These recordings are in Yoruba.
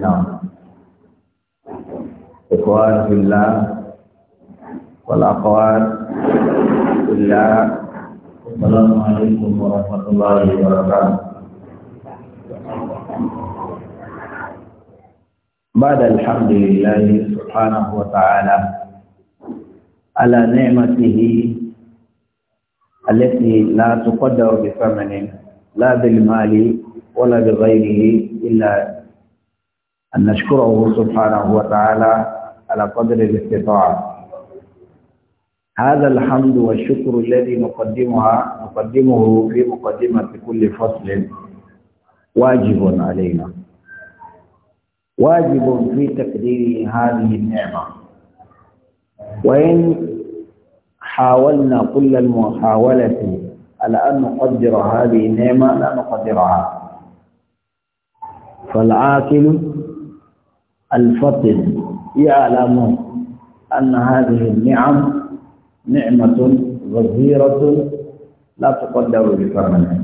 النار نعم. إخوان في الله والأخوات في الله السلام عليكم ورحمة الله وبركاته بعد الحمد لله سبحانه وتعالى على نعمته التي لا تقدر بثمن لا بالمال ولا بغيره إلا أن نشكره سبحانه وتعالى على قدر الاستطاعة هذا الحمد والشكر الذي نقدمها نقدمه في مقدمة كل فصل واجب علينا واجب في تقدير هذه النعمة وإن حاولنا كل المحاولة على أن نقدر هذه النعمة لا نقدرها فالعاقل الفطن يعلم أن هذه النعم نعمة غزيرة لا تقدر بثمنها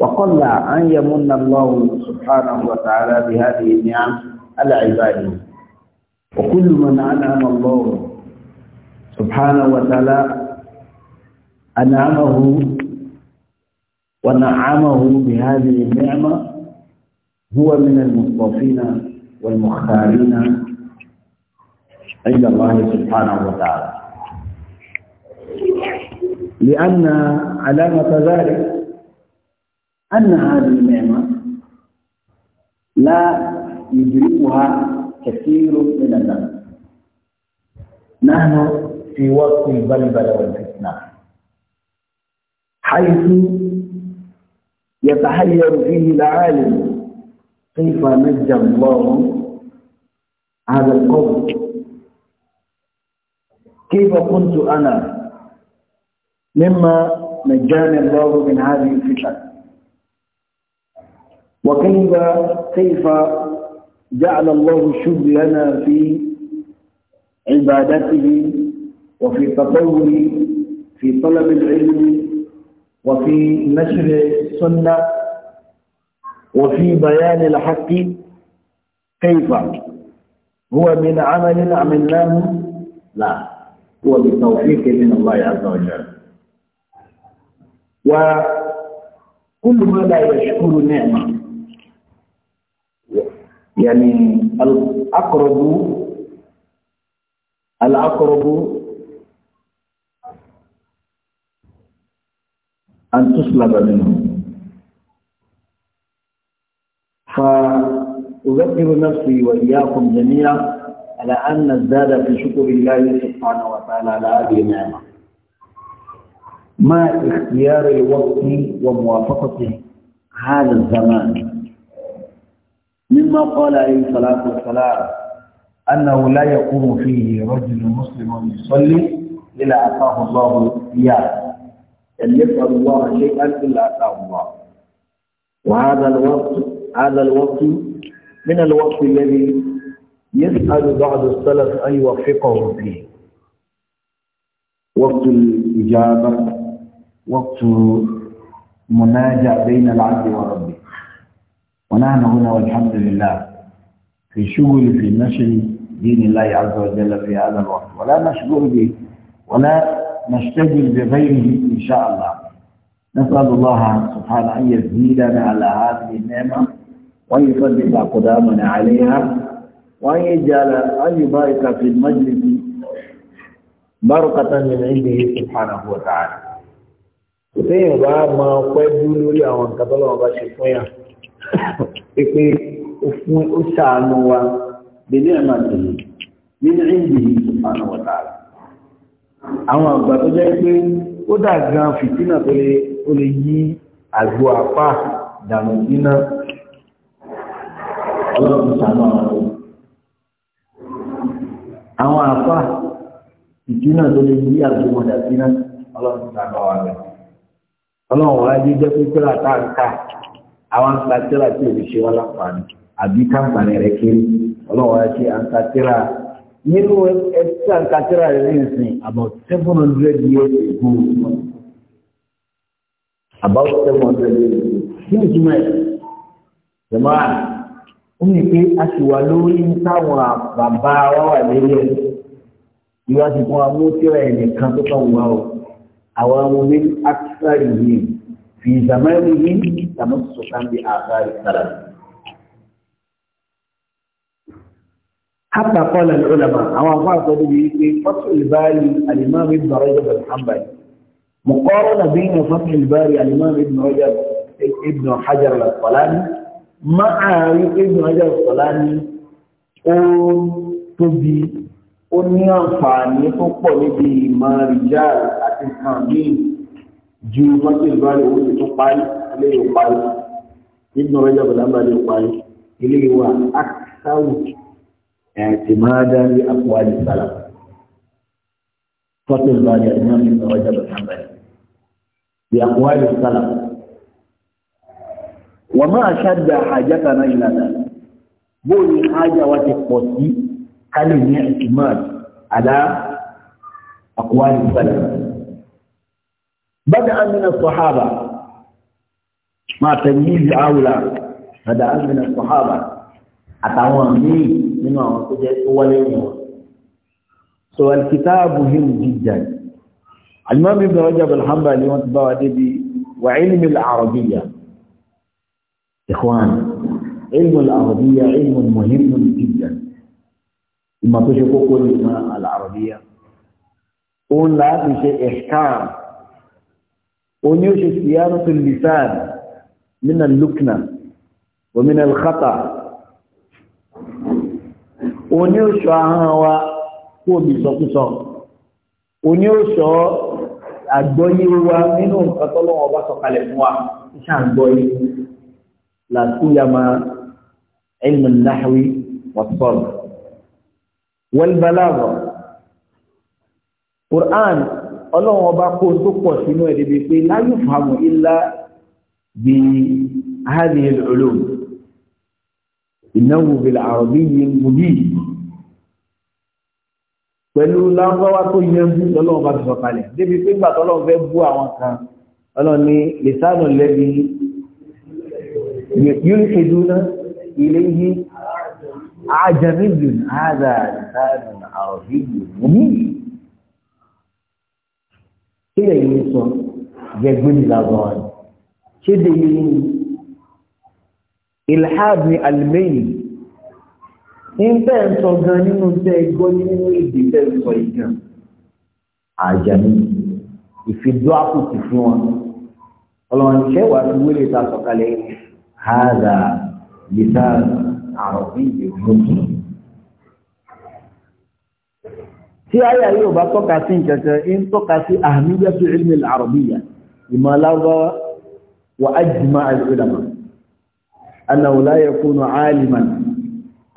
وقل أن يمن الله سبحانه وتعالى بهذه النعم على عباده وكل من أنعم الله سبحانه وتعالى أنعمه ونعمه بهذه النعمة هو من المصطفين والمختارين عند الله سبحانه وتعالى لأن علامة ذلك أن هذه النعمة لا يدركها كثير من الناس نحن في وقت البلبل والفتنة حيث يتحير فيه العالم كيف نجى الله هذا القوم كيف كنت أنا مما نجاني الله من هذه الفتن وكيف كيف جعل الله شغلنا في عبادته وفي تطوره في طلب العلم وفي نشر السنه وفي بيان الحق كيف هو من عمل عملناه لا هو بالتوفيق من الله عز وجل وكل ما لا يشكر نعمة يعني الأقرب الأقرب أن تسلب منه فأذكر نفسي وإياكم جميعا على أن نزداد في شكر الله سبحانه وتعالى على هذه النعمة ما اختيار الوقت وموافقة هذا الزمان مما قال عليه الصلاة والسلام أنه لا يقوم فيه رجل مسلم يصلي إلا أعطاه الله إياه أن يسأل الله شيئا إلا أعطاه الله وهذا الوقت هذا الوقت من الوقت الذي يسأل بعض السلف أن يوفقهم فيه وقت الإجابة وقت مناجع بين العبد وربه ونحن هنا والحمد لله في شغل في نشر دين الله عز وجل في هذا الوقت ولا نشغل به ولا نشتغل بغيره إن شاء الله نسأل الله سبحانه أن يزيدنا على هذه النعمة ويثبت أقدامنا عليها وأن يجعل أن يبارك في المجلس بركة من عنده سبحانه وتعالى Téèyàn bá máa pẹ́ dú lórí àwọn nǹkan tó lọ́wọ́ bá ṣe fún yà. Pípé ó ṣàánú wa, bèbí ẹ̀ máa tèlé, nínú ìdí subhanahu wa Àwọn àgbà tó jẹ́ pé ó dà gan fìtínà tó lè yí àgbo apá dànù síná ọlọ́run sànú àwọn ọ̀rọ̀. àwọn àfa ìdí náà tó lè yí àgbémọ̀dà sí náà ọlọ́run sànú àwọn ọ̀rọ̀. ọlọ́run wàá yé jẹ́ pé tíra tá a ń kà àwọn ń ka tíra tí òbí ṣe wá láǹfààní àbí káǹfààní rẹ̀ kéré ọlọ́run wàá ṣe à nínú ẹtí à rẹ̀ lẹ́yìn sìn about seven hundred years ago about seven hundred years ago kí ni túmọ̀ ẹ̀ jẹ̀mọ́ àná ó ní pé a sì wà lórí táwọn bàbá wa wà lórí ẹ̀ ìwà sì fún wa mú tíra tó kàn wá o àwọn ọmọ mi akitari yìí fi zamani yìí tàmí sọ̀kan bí àkàrí sára. حتى قال العلماء أو أنفع صديقي في فتح الباري الإمام ابن رجب الحنبلي مقارنة بين فتح الباري الإمام ابن رجب ابن حجر الأسقلاني máa rí pé ìgbìmọ̀jọ́ ìsọ̀lá ní ó tóbi ó ní àǹfààní tó pọ̀ níbi ìmọ̀ rìjà àti kàmíìn ju mọ́tò ìbára owó ti tún parí ilé yóò parí ìgbìmọ̀jọ́ ìsọ̀lá ń bá lè parí ilé wa akitawu ẹ̀ẹ́dì máa dárí àpò àdìsára wà máa ṣáàjà àjáta náà ìlànà bóò ní ájá wa ti pọ̀ sí kálí ní ìtìmáàdì àdá àkúwárí sálẹ̀. Bada amina sahaba ma tẹ̀yí àwùlà bada amina sahaba àtàwọn míì nínú àwọn tó jẹ́ tó wọlé wọn. So alkitabu him jiddan. Alimami Ibn Rajab al-Hanbali ti bá wa débi wa ilmi al-Arabiyya. إخوان علم العربية علم مهم جدا إما تشكو كل ما العربية ولا في شيء إحكام ونيوش صيانة اللسان من اللكنة ومن الخطأ ونيوش عهوى هو بيصوصو ونيوش àgbọ́yé wa nínú nǹkan tọ́lọ́wọ́ bá sọ̀kalẹ̀ fún wa iṣẹ́ àgbọ́yé لا سيما علم النحو والصرف والبلاغة Quran ọlọ́run ọba kó tó pọ̀ sínú ẹ̀ débi pé la yufhamu illa bi hadhihi al-ulum innahu bil arabiyyi mubin pẹ̀lú láńgbọ́wá tó yanjú lọ́lọ́run bá ti sọ̀kalẹ̀ débi pé gbàtọ́lọ́run fẹ́ bú àwọn kan ọlọ́run ní lisanu lẹ́bi يلحدون إليه عجمي هذا لسان عربي مبين kílẹ̀ yìí sọ jẹgbẹ́ni lágbọ́n kéde yìí ilhadi almeyi níbẹ̀ ń sọ gan nínú tẹ́ gbọ́ nínú èdè tẹ́ ń sọ yìí gan àjàmí ìfidúákù ti fún wọn ọlọ́run ṣẹ́wàá ti wílé ta sọ̀kalẹ̀ yìí هذا لسان عربي مسلم tí àyà yóò bá tọ́ka sí ìkẹ̀kẹ́ in tọ́ka sí ahmiyatu ilmi al-arabiyya ìmọ̀ lárúbáwá wa ajma al-ulama annahu la yakunu aliman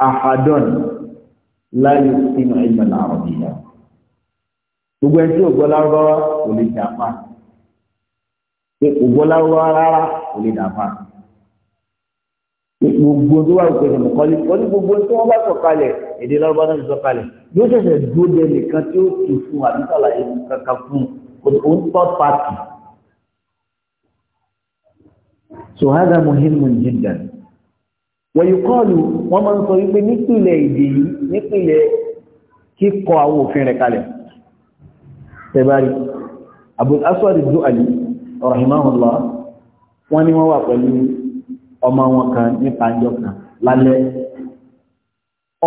ahadun la yuqinu ilma al-arabiyya gbogbo ẹni tí ògbọ́ lárúbáwá kò lè dàpá ògbọ́ lárúbáwá rárá kò lè dàpá gbogbo tó wà pẹ̀lú mọ̀kọ́lé wọ́n ní gbogbo tó wọ́n bá sọ kalẹ̀ èdè lọ́rọ́bá náà sọ kalẹ̀ yóò ṣẹ̀ṣẹ̀ dúró de nìkan tí ó tù fún àbí sàlàyé kankan fún òun tọ́ pàtì. so hada muhimmun jiddan wọ́n yìí kọ́ọ̀lù wọ́n máa ń sọ wípé nípìnlẹ̀ èdè yìí nípìnlẹ̀ kíkọ àwọn òfin rẹ̀ kalẹ̀ tẹ̀bárí Abul Aswad ad-Du'ali rahimahullah wọ́n ní wọ́n wà pẹ̀lú ọmọ wọn kan nípa ìjọ kan lálẹ́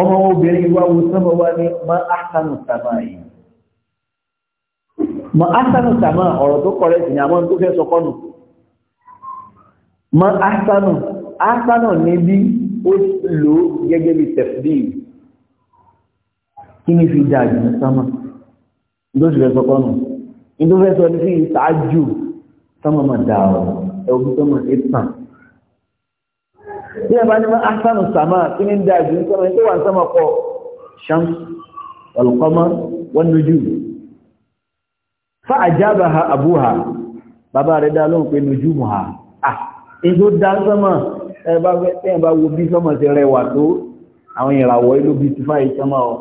ọmọ obìnrin wa wo sábà wá ní ma ahsanu sàmà yìí ma ahsanu sàmà ọ̀rọ̀ tó kọ̀rẹ́ sí ni àmọ́ tó fẹ́ sọ kọ́nù ma ahsanu ahsanu níbi ó lò gẹ́gẹ́ bí tẹ̀fídìí kí ni fi dáa jù ní sámà ló sì fẹ́ sọ kọ́nù ní tó fẹ́ sọ ní fi ìsáájú sámà máa dáa ọ̀rọ̀ ẹ̀wọ̀n tó máa ń tàn bí ẹ bá ní ahsanu sàmà kí ní dájú nípa ẹni tó wà sàmà pọ̀ shams wal qamar wan nujum fa ajabaha abuha bàbá rẹ̀ dá lóhùn pé nujumuha ah èso dá sàmà ẹ bá fẹ́ tẹ́ ẹ bá wo bí sàmà ti rẹwà tó àwọn ìràwọ̀ ìlú bí ti fáyé sàmà ọ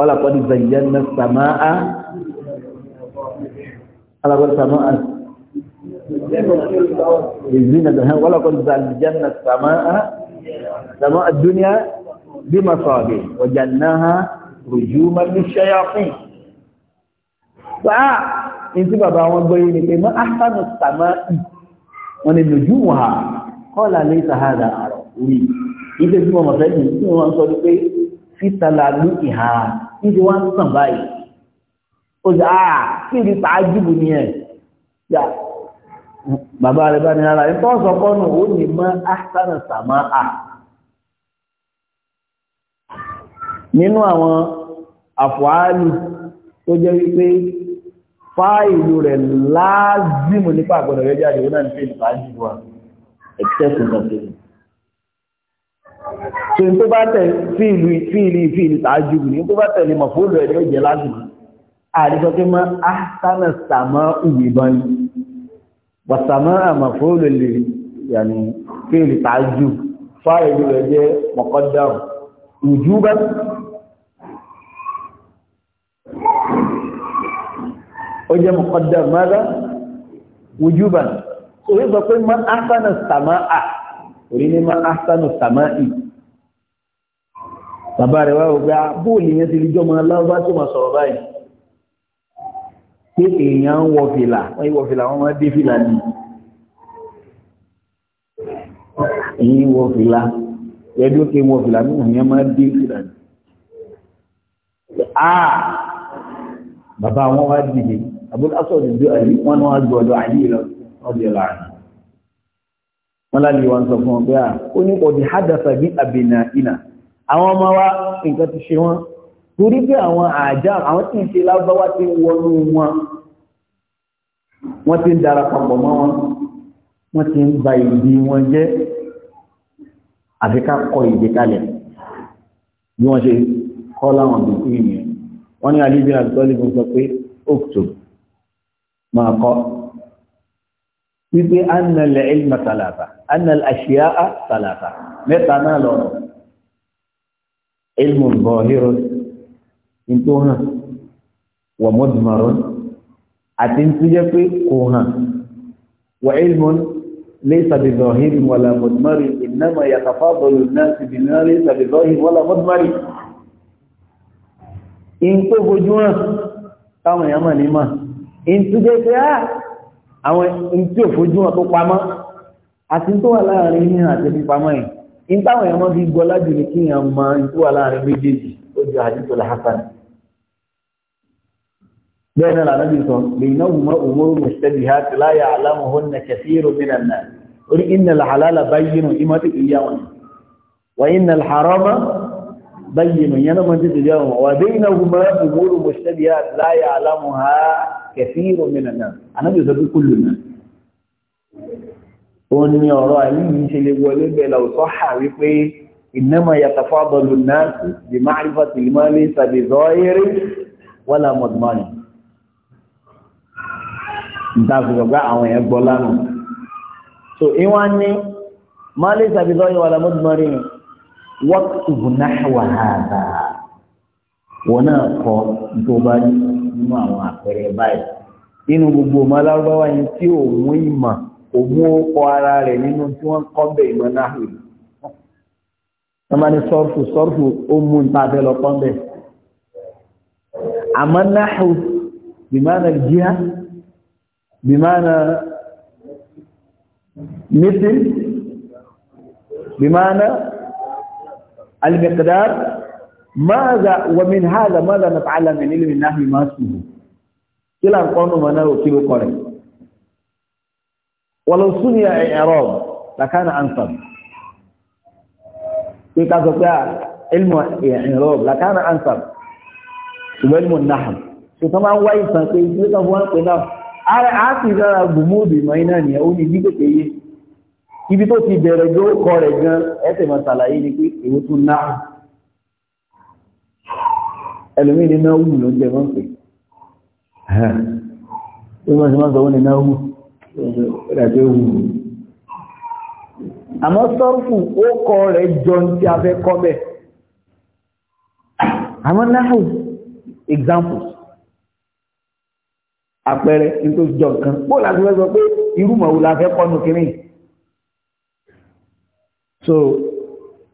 ọlọ́pàá ti zàyẹ́ ní sàmà á ọlọ́pàá sàmà á Izinna wala qad zaljanna samaa samaa ad-dunya bimasabi wa jannaha rujuman lishayatin. Fa inti bàbá wọn gbọ́ ni pé ma ahsanu samaa wọ́n ní nujuha qala laysa hadha ara uri. Ibe bí mo mo fẹ́ ni tí wọ́n sọ pé fitala lu iha. Ibe wọ́n sàn báyìí. Ó sọ ah ni tàájúbù bàbá rẹ̀ bá ní rárá ẹ̀ tọ́ sọ́kọ́nù ó ní mọ́ áṣánà sàmá à nínú àwọn àfọ̀álù tó jẹ́ wípé fáìlù rẹ̀ láàzìmù nípa àgbọ̀dọ̀ rẹ̀ jáde wọ́n náà ń pè nípa àjùwà except in confusion so n tó bá tẹ̀ fíìlù fíìlì fíìlì tààjú ní tó bá tẹ̀lé mọ̀fóòlù ẹ̀ ní jẹ́ láàzìmù àdìsọ́kẹ́ mọ́ áṣánà sàmá yìí والسماء مفعول اللي يعني فعل تعجب فاعل يجي مقدر وجوبا وجه مقدر ماذا وجوبا ويبقى كل من احسن السماء وريني من احسن السماء bàbá rẹ̀ wá ọgbà bóòlì yẹn ti lè jọ́ mọ́ aláwọ́ bá tí ó máa sọ̀rọ̀ báyìí pé èèyàn ń wọ fìlà wọ́n yí wọ fìlà wọ́n máa dé fìlà ní èyí wọ fìlà ẹ̀dùn kí wọ fìlà ní èèyàn máa dé fìlà ní àà bàbá wọn wá dìde Abul Aswad ìdó àyí wọn wá gbọdọ̀ àyí lọ ọdẹ láàrin wọn lálẹ́ wọn sọ fún ọ à ó ní ọdẹ hádàfà bí àbẹ̀nà ìnà àwọn ọmọ wa nǹkan ti ṣe wọn torí pé àwọn àjá àwọn tí ń ṣe lábáwá ti ń wọnú wọn wọ́n ti ń darapapọ̀ mọ́ wọn wọ́n ti ń ba ìdí wọn jẹ́ àfi ká kọ ìdí kalẹ̀ bí wọ́n ṣe kọ́ láwọn àbùkù ìyẹn wọ́n ní alíbi àbùtọ́lì sọ pé òkùtù máa kọ́ wípé annalẹ̀ ilmà tàlàtà annalẹ̀ àṣíyá tàlàtà mẹ́ta náà lọ́rọ̀ ilmù bọ̀hírọ̀sì ntó hàn wà mọ́dùmárọ́ àti ntó jẹ́ pé kò hàn wà ilmọ́n laysa bi zahirin wala mudmarin innama yatafadalu an-nas bima laysa bi zahirin wala mudmarin ntó fojú hàn táwọn èèyàn mọ̀ ní mà ntó jẹ́ pé ah! àwọn ntó fojú hàn tó pamọ́ àti tó wà láàrin ní àti pípamọ́ ẹ̀ in táwọn ẹ̀mọ́ fi gbọ́ lájú ní kíyàn ma ń tó wà láàrin méjèèjì ó jẹ́ àdìsọ́ làásán بين النبي صلى بينهما أمور مشتبهات لا يعلمهن كثير من الناس قل الحلال بين إما إياهن وإن الحرام بين ينما إياهن وبينهما أمور مشتبهات لا يعلمها كثير من الناس النبي صلى كل الناس òun ni ọ̀rọ̀ àìlú yìí ṣe lè wọlé bẹ̀lẹ̀ ọ̀sọ́ hà wípé ìnáma yàtàfà bọ̀lù náà bí máa ìtàfihàn àwọn yẹn gbọ́ lánàá so ìwọ́n ní máàlì sàbìtọ́ yìí wà lámúdùmọ́rì wọ́kùtù náà wà hàdà wọn náà kọ́ tó bá nínú àwọn àpẹẹrẹ báyìí nínú gbogbo ọmọ alárúbáwá yẹn tí òun ìmọ̀ òun ó kọ ara rẹ̀ nínú tí wọ́n kọ́ bẹ̀ ìmọ̀ náà rẹ̀ wọ́n máa sọ́ọ̀fù sọ́ọ̀fù ó mú un tàbí lọ́kọ́ bẹ̀ àmọ́ náà bìmọ̀ náà jíà بمعنى مثل بمعنى المقدار ماذا ومن هذا ماذا نتعلم من علم النحو ما اسمه كلا القانون معناه وكيل قرئ ولو سمي اعراب لكان انصب في كذا علم اعراب لكان انصب علم النحو ثم وايد فكيف يقف وان a sì dára gbùmúùdù ìmọ̀ iná ni ó ní gbígbèkè yé ibi tó ti bẹ̀rẹ̀ jó kọ rẹ̀ gan ẹsẹ̀ mọ̀ sàlàyé ni pé èwo tún náà ẹlòmíì ní náà wù ló ń jẹ mọ́ pé ó mọ̀ sí mọ́ sọ wọ́n ní náà wù ó dà pé wù àmọ́ sọ́rùfù ó kọ rẹ̀ jọ tí a fẹ́ kọ́ bẹ̀ àmọ́ náà examples àpẹẹrẹ nítorí jọ nǹkan bó láti fẹ́ sọ pé irú mọ̀wó la fẹ́ kọ́nu kìíní so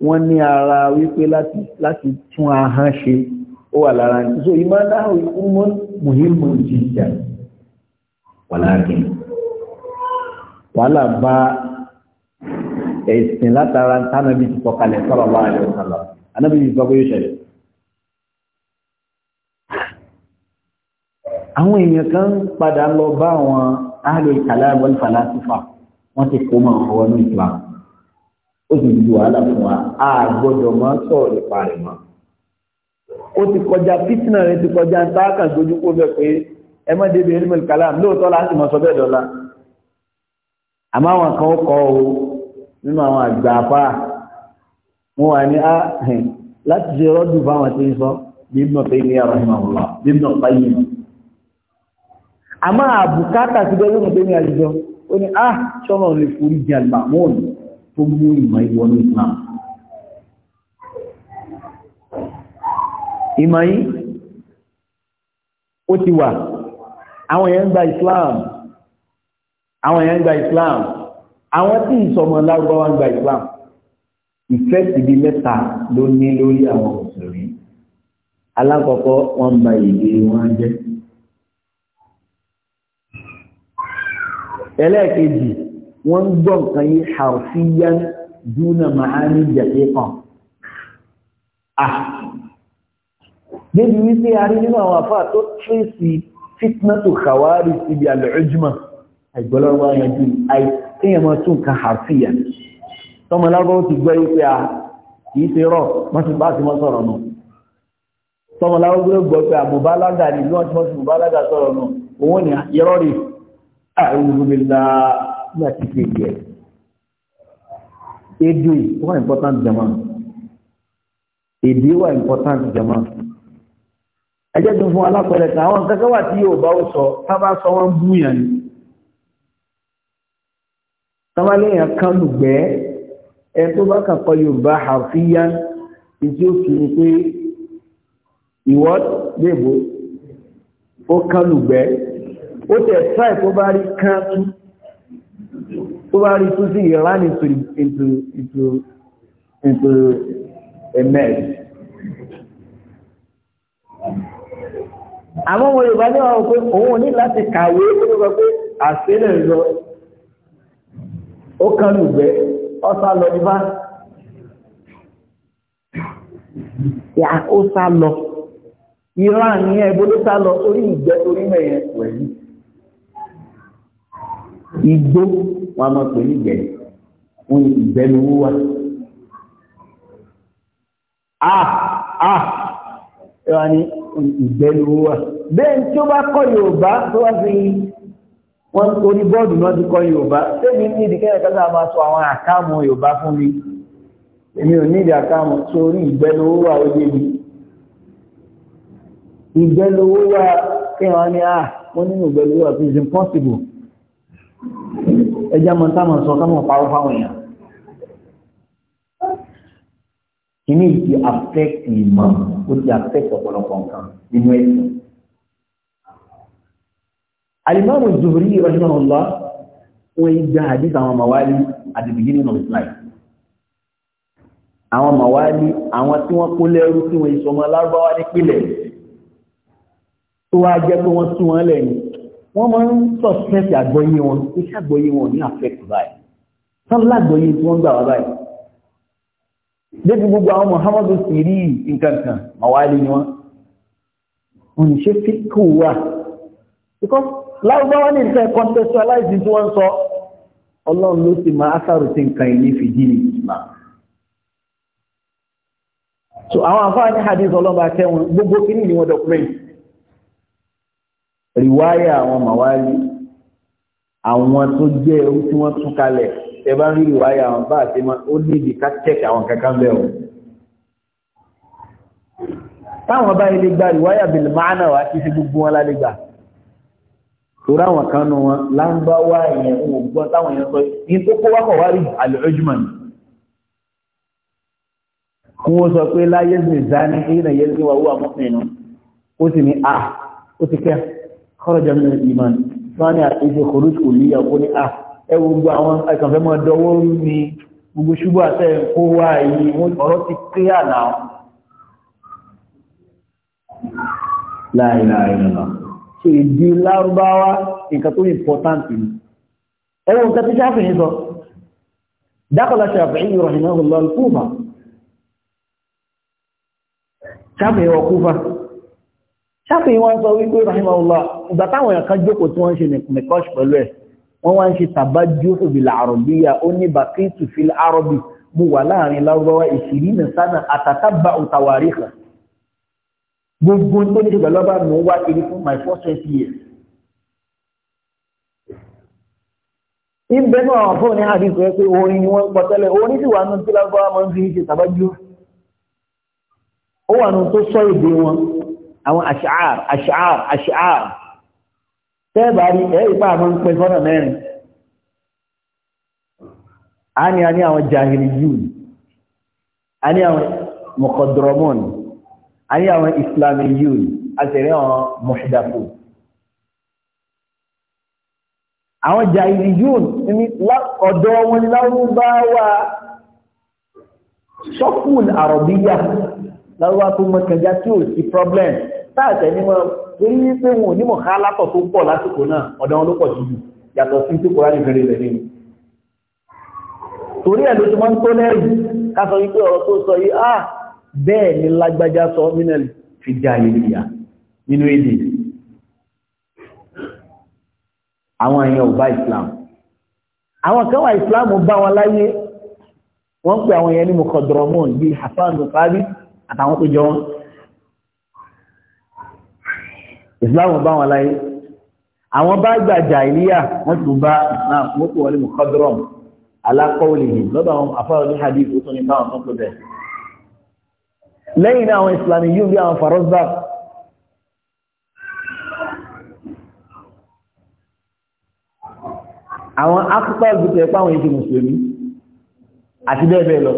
wọ́n ní ara wípé láti láti tún ahán ṣe ó wà lára ní so ìmọ̀ náà ìmọ̀ mùhímù jìjà wà láàrin wàhálà bá ẹ̀sìn látara tánàbí ti sọ kalẹ̀ sọ́rọ̀ bá àlẹ́ òsàlọ̀ anábìyí sọ pé yóò ṣẹlẹ̀ àwọn èèyàn kan padà lọ bá àwọn ahlul kalam wal falasifa wọ́n ti kó mọ̀ ọwọ́ ní ìtura ó sì ju wàhálà fún wa a gbọ́dọ̀ máa sọ̀rọ̀ nípa rẹ̀ mọ́ ó ti kọjá fitna rẹ̀ ti kọjá ń táàkà dojú kó bẹ́ẹ̀ pé ẹ má débi ilmul kalam lóòótọ́ láti mọ̀ sọ bẹ́ẹ̀ dọ́là àmọ́ àwọn kan kọ́ o nínú àwọn àgbà apá wọn wà ní láti ṣe rọ́dù fáwọn tí ń sọ bí mọ̀ pé ní arahimahullah bí mọ̀ pé yìí a máa bùkátà sí bẹ́ẹ̀ lónìí pé ní àlejò ó ní ah ṣọ́nà lè forí jẹ àgbàmọ́ọ̀n tó mú ìmọ̀ ìwọ Islam ìmọ̀ yìí ó ti wà àwọn èèyàn gba Islam àwọn èèyàn gba Islam àwọn tí ìsọmọ lárúbáwá ń gba Islam ìfẹ́ sì di mẹ́ta ló ní lórí àwọn mùsùlùmí alákọ̀ọ́kọ́ wọ́n ba èdè wọn jẹ́ ẹlẹ́ẹ̀kejì wọ́n ń gbọ́ nǹkan yìí harfiyan dúnà màání jẹ̀sí kan débi wípé a rí nínú àwọn àfáà tó tírèsì fitnatu khawari ibi al'ujma àìgbọ́lọ́wọ́ yanjú àìtíyàn máa tún ka harfiyan tọ́mọ lágbọ́n ti gbọ́ wípé a kìí ṣe rọ̀ wọ́n ti bá ti mọ́ sọ̀rọ̀ nù tọ́mọ lágbọ́n gbọ́ pé àmúbálágà ni lọ́n ti mọ́ sí múbálágà sọ̀rọ̀ nù òun ni irọ́ rèé àìwúrú mi la ní àti kéèké ẹ̀. Èdè wà important jama. Èdè wà important jama. Ẹ jẹ́ dùn fún alápẹ̀rẹ̀ kan, àwọn kankan wà tí yóò bá ó sọ, tá bá sọ wọ́n bú yàn ni. Tọ́mọléèyàn kan lùgbẹ́, ẹ tó bá kàn kọ Yorùbá àfíyán, ìdí ó kì í pé ìwọ́ lè bò ó kán lùgbẹ́ ó tẹ̀ tíráì tó bá rí kán tú tó bá rí tú sí ìran into into into into a mess. àwọn ọmọ Yorùbá ní wọn pé òun ní láti kàwé tó ló sọ pé àṣírí lọ ó kán lùgbẹ́ ọ̀sán lọ ní bá ó sá lọ ìran ní ẹbí ló sá lọ orí ìgbẹ́ torí mẹ́yẹn pẹ̀lú igbó wọn a máa pè ní ìgbẹ́ wọn ìgbẹ́ ni wọ́n wà. a a ẹ wá ní ìgbẹ́ ni wọ́n wà. bẹ́ẹ̀ tí ó bá kọ́ Yorùbá tó wá fi wọ́n orí bọ́ọ̀dù náà ti kọ́ Yorùbá tẹ́mi ní ìdíkẹ́ ẹ̀ka sábà máa sọ àwọn àkáàmù Yorùbá fún mi èmi ò ní ìdí àkáàmù sórí ìgbẹ́ ni wọ́n wà ó yé mi ìgbẹ́ ni kí wọ́n ní à wọ́n nínú ìgbẹ́ ni wọ́n impossible ẹjá mọ́ táwọn sọ káwọn parọ́ fáwọn èèyàn kìíní ti affect ìmọ̀ ó ti affect ọ̀pọ̀lọpọ̀ nǹkan nínú ẹ̀sìn. alimami Zuhri rahimahullah wọ́n yí gba hadith àwọn mawali at the beginning of his life àwọn mawali àwọn tí wọ́n kó lẹ́rú tí wọ́n ìsọmọ lárúbáwá nípìnlẹ̀ tó wá jẹ́ pé wọ́n tún wọn lẹ́yìn wọ́n máa ń sọ̀sẹ́sì àgbọ́yé wọn iṣẹ́ àgbọ́yé wọn ní àfẹ́kù báyìí tán lágbọ́yé tí wọ́n gbà wá báyìí débi gbogbo àwọn Muhammadu siri nkankan mawali ni wọn wọn ní ṣe fíkù wà because láwùbáwá ní nǹkan contextualize tí wọ́n sọ ọlọ́run ló sì máa ákàrò sí nǹkan ìní fìdí ní ìmá so àwọn àfáà ní hadith ọlọ́ba kẹwọn gbogbo kìíní ni wọ́n document rìwáyà àwọn màwárí àwọn tó jẹ́ ewu tí wọ́n tún kalẹ̀ ẹ bá ń rí rìwáyà àwọn bá àti ma ó níbi ká tẹ̀kì àwọn kankan bẹ́ẹ̀ o. táwọn bá ilé gba rìwáyà bìlì máàna wá kí sí gbogbo wọn lálẹ́ gbà torí àwọn kan nu wọn láńbáwá yẹn ń wò gbọ́ táwọn yẹn sọ yìí tó kó wákọ̀ wá rí àlùjùmọ̀ ni kí wọ́n sọ pé láyé zìnì zání ìrìnà yẹn ní wàhùwà mọ́kànlélọ́ ó sì ní a ah, ó ti kẹ́ kọ́rọ̀jà nínú ìmàn wọ́n ní àtẹ́sẹ̀ kòrúsù líyà kó ní à ah, ẹwù gbogbo àwọn akànfẹ́ mọ́ dọwọ́ ní gbogbo ṣubú àtẹ́ kó wá yìí wọ́n ọ̀rọ̀ ti kíyà náà láìláì nìlọ so ìdí lárúbáwá nǹkan tó important ni ẹwù nǹkan tí ṣáàpì wọ́n sọ wípé rahimahullah ìgbà táwọn èèyàn kan jókòó tí wọ́n ń ṣe nìkùnmẹ́kọ́ṣ pẹ̀lú ẹ̀ wọ́n wá ń ṣe tàbájú òbílà àrọ̀bíyà ó ní bàkítù fil àrọ̀bì mo wà láàrin lárúbáwá ìṣìrí nà sánà àtàtàbà òtàwárí kan gbogbo tó ní ṣùgbọ́n lọ́ba mò ń wá kiri fún my first twenty years. ìbẹ́nu àwọn fóònù àdìsọ pé orin ni wọ́n gbọ́ tẹ́lẹ̀ orin sì wà nù tí lárúbáwá máa ń fi ṣe tàbájú ó wà nù tó sọ èdè wọn àwọn àṣàr àṣàr àṣàr tẹ́ẹ̀bà rí ẹ̀rí pa àwọn pẹ́ fọ́nà mẹ́rin a ní a ní àwọn jahiliyun a ní àwọn mọ̀kọ̀dọ̀rọ̀mọ́n a ní àwọn islamiyun a sì rí àwọn mọ̀ṣídàfò àwọn jahiliyun ní ọ̀dọ́ wọn láwọn bá wà sọ́kùn àrọ̀bíyà lọ́wọ́ tó mọ kẹjá tí ò sí problem táàtẹ̀ ní wọn torí wípé wọn ò ní mọ̀ ká lápọ̀ tó pọ̀ lásìkò náà ọ̀dọ̀ wọn ló pọ̀ jù yàtọ̀ sí tí kò rárá ìfẹ́rẹ́ rẹ̀ nínú torí ẹ̀ ló ti máa ń tó lẹ́rù ká sọ wípé ọ̀rọ̀ tó sọ yìí ah bẹ́ẹ̀ ni lágbájá sọ mínẹ̀lì fi dá ìrìyà nínú èdè àwọn èèyàn ò bá àtàwọn tó jọ wọn islam bá wọn láyé àwọn bá gbàjà ìníyà wọ́n tún bá náà wọ́n kò wọlé mọ̀kọ́dúrọ̀m alákọ̀ọ́lìyìn lọ́dọ̀ àwọn afárọ̀ ní hadith ó tún ní báwọn tán tó bẹ̀ lẹ́yìn náà àwọn islami yóò bí àwọn farozba àwọn akpọ̀ gbùtẹ̀ pàwọn èdè mùsùlùmí àti bẹ́ẹ̀ bẹ́ẹ̀ lọ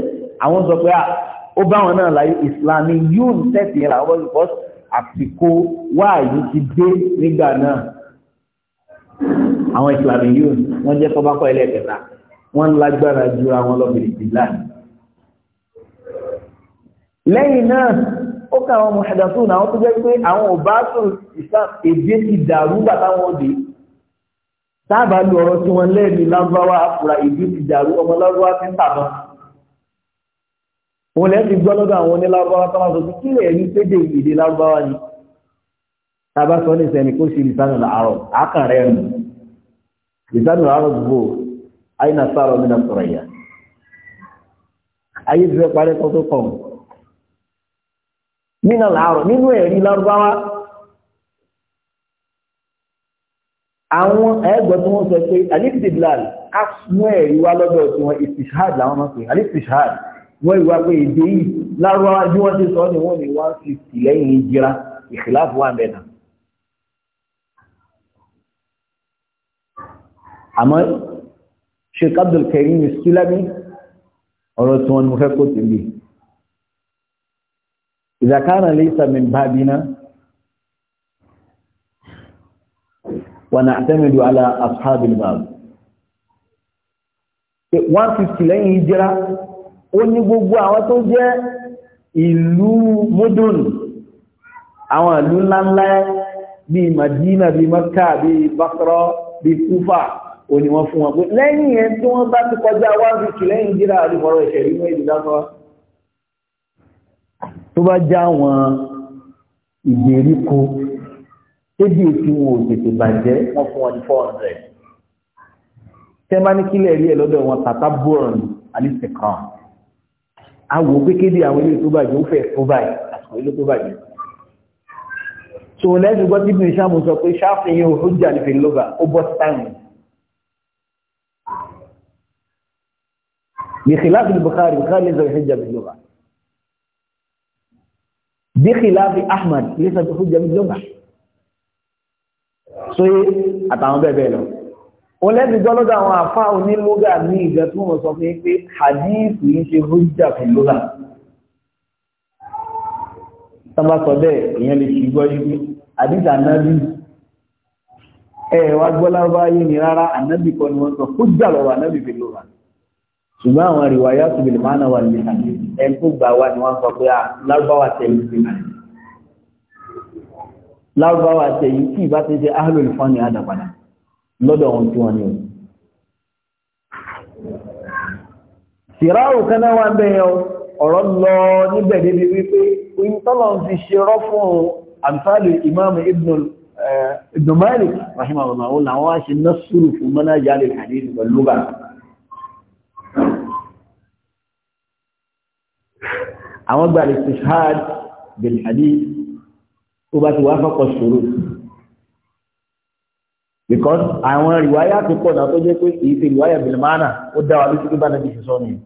àwọn sọ pé ah, ó bá wọn náà láyé ìsìlámì yóò ń tẹ̀sí yẹn làwọn olùkọ́ àsìkò wáàyí ti dé nígbà náà àwọn ìsìlámì yóò wọ́n jẹ́ tọ́bákọ́ ẹlẹ́ẹ̀kẹta wọ́n ń lágbára ju àwọn lọ́bìnrin ti láàyè. lẹ́yìn náà ó kà àwọn mọ̀ṣẹ̀dàtún náà tó jẹ́ pé àwọn ọba tó èdè ti dàrú bàtà wọn dé sábà lu ọ̀rọ̀ tí wọ́n lẹ́ẹ̀mí lágbáwá àfúrà èdè ti dàrú ọmọ lágbáwá ti ń tàbọn òun lẹ́ẹ̀ fi gbọ́ lọ́dọ̀ àwọn onílárúbáwá tó máa sọ pé kílẹ̀ rí pédè èdè lárúbáwá ni tábà sọ ní sẹ́ni kó ṣe lìsánù làárọ̀ àákàn rẹ̀ nù lìsánù làárọ̀ gbogbo àyínà sáárọ̀ mi náà sọ̀rọ̀ yà ayé fẹ́ parí kọ́ tó kàn nínú làárọ̀ nínú ẹ̀rí lárúbáwá àwọn ẹgbẹ́ tí wọ́n sọ pé alif diblan ká mú ẹ̀rí wá lọ́dọ̀ tí wọ́n ìfìṣáàd làwọn máa ń pè alif ìfìṣáàd wọ́n ìwà pé èdè yìí lárúbáwá bí wọ́n ti sọ ni wọ́n ní one fifty lẹ́yìn ìjìra ìkìláàfù wà bẹ́ẹ̀ náà. àmọ́ Sheikh Abdul Karim As-Sulami ọ̀rọ̀ tí wọ́n ni mo fẹ́ kó tèmi. إذا كان ليس من بابنا ونعتمد على أصحاب الباب 150 لين هجرة ó ní gbogbo àwọn tó jẹ́ ìlú mọ́dún àwọn ìlú ńláńlá bí Madina bí Maka bí Basra bí Kufa ó ní wọ́n fún wọn pé lẹ́yìn yẹn tí wọ́n bá ti kọjá wá bí kì lẹ́yìn jíra àdúgbọ̀rọ̀ ìṣẹ̀rí mọ́ ìlú dákọ́ tó bá já wọn ìgbèríko tébí ètí wọn ò tètè bàjẹ́ wọ́n fún wọn ní four tẹ́ bá ní kílẹ̀ rí ẹ̀ lọ́dọ̀ wọn tàtà bọ́ọ̀rùn àlìsẹ̀ àwò pé kéde àwọn ilé tó bàjẹ́ ó fẹ́ tó báyìí àsìkò ilé tó bàjẹ́ so lẹ́sìn gbọ́ tí bìnrin sáàmù sọ pé ṣáàfihàn ó jà ní fèlógà ó bọ́ táìmù بخلاف البخاري البخاري ليس بحجة باللغة بخلاف أحمد ليس بحجة باللغة so àtàwọn bẹ́ẹ̀ bẹ́ẹ̀ lọ òun lẹ́bi jọ́lọ́dọ̀ àwọn àfá onílógà ní ìjọ tí wọ́n sọ fún pé hadith yìí ṣe rújà fún lógà tọ́bá sọ lè ṣì gbọ́ yìí hadith ànábì ẹ wá yìí ni rárá ànábì kan ni wọ́n sọ rújà lọ́wọ́ ànábì fi lógà ṣùgbọ́n àwọn àríwáyá tó bèèrè máa náà wà ní ẹ̀ tó gbà wá ni wọ́n sọ pé lárúbá wà tẹ̀lé sí lárúbá wà tẹ̀lé lọ́dọ̀ ohun tí wọ́n ní o sìráàrù kan náà wà ń bẹ̀yẹn ọ̀rọ̀ lọ níbẹ̀ débi wípé oyin tọ́lọ̀ ń fi ṣe rọ́ fún àmìfàlì ìmáàmù eh, Ibn Malik rahimahullah làwọn wá ṣe ná because àwọn rìwáyà tó pọ̀ náà tó jẹ́ pé kìí ṣe rìwáyà bìlìmánà ó dá wa lójú pé bánà bíi sọ ni ṣe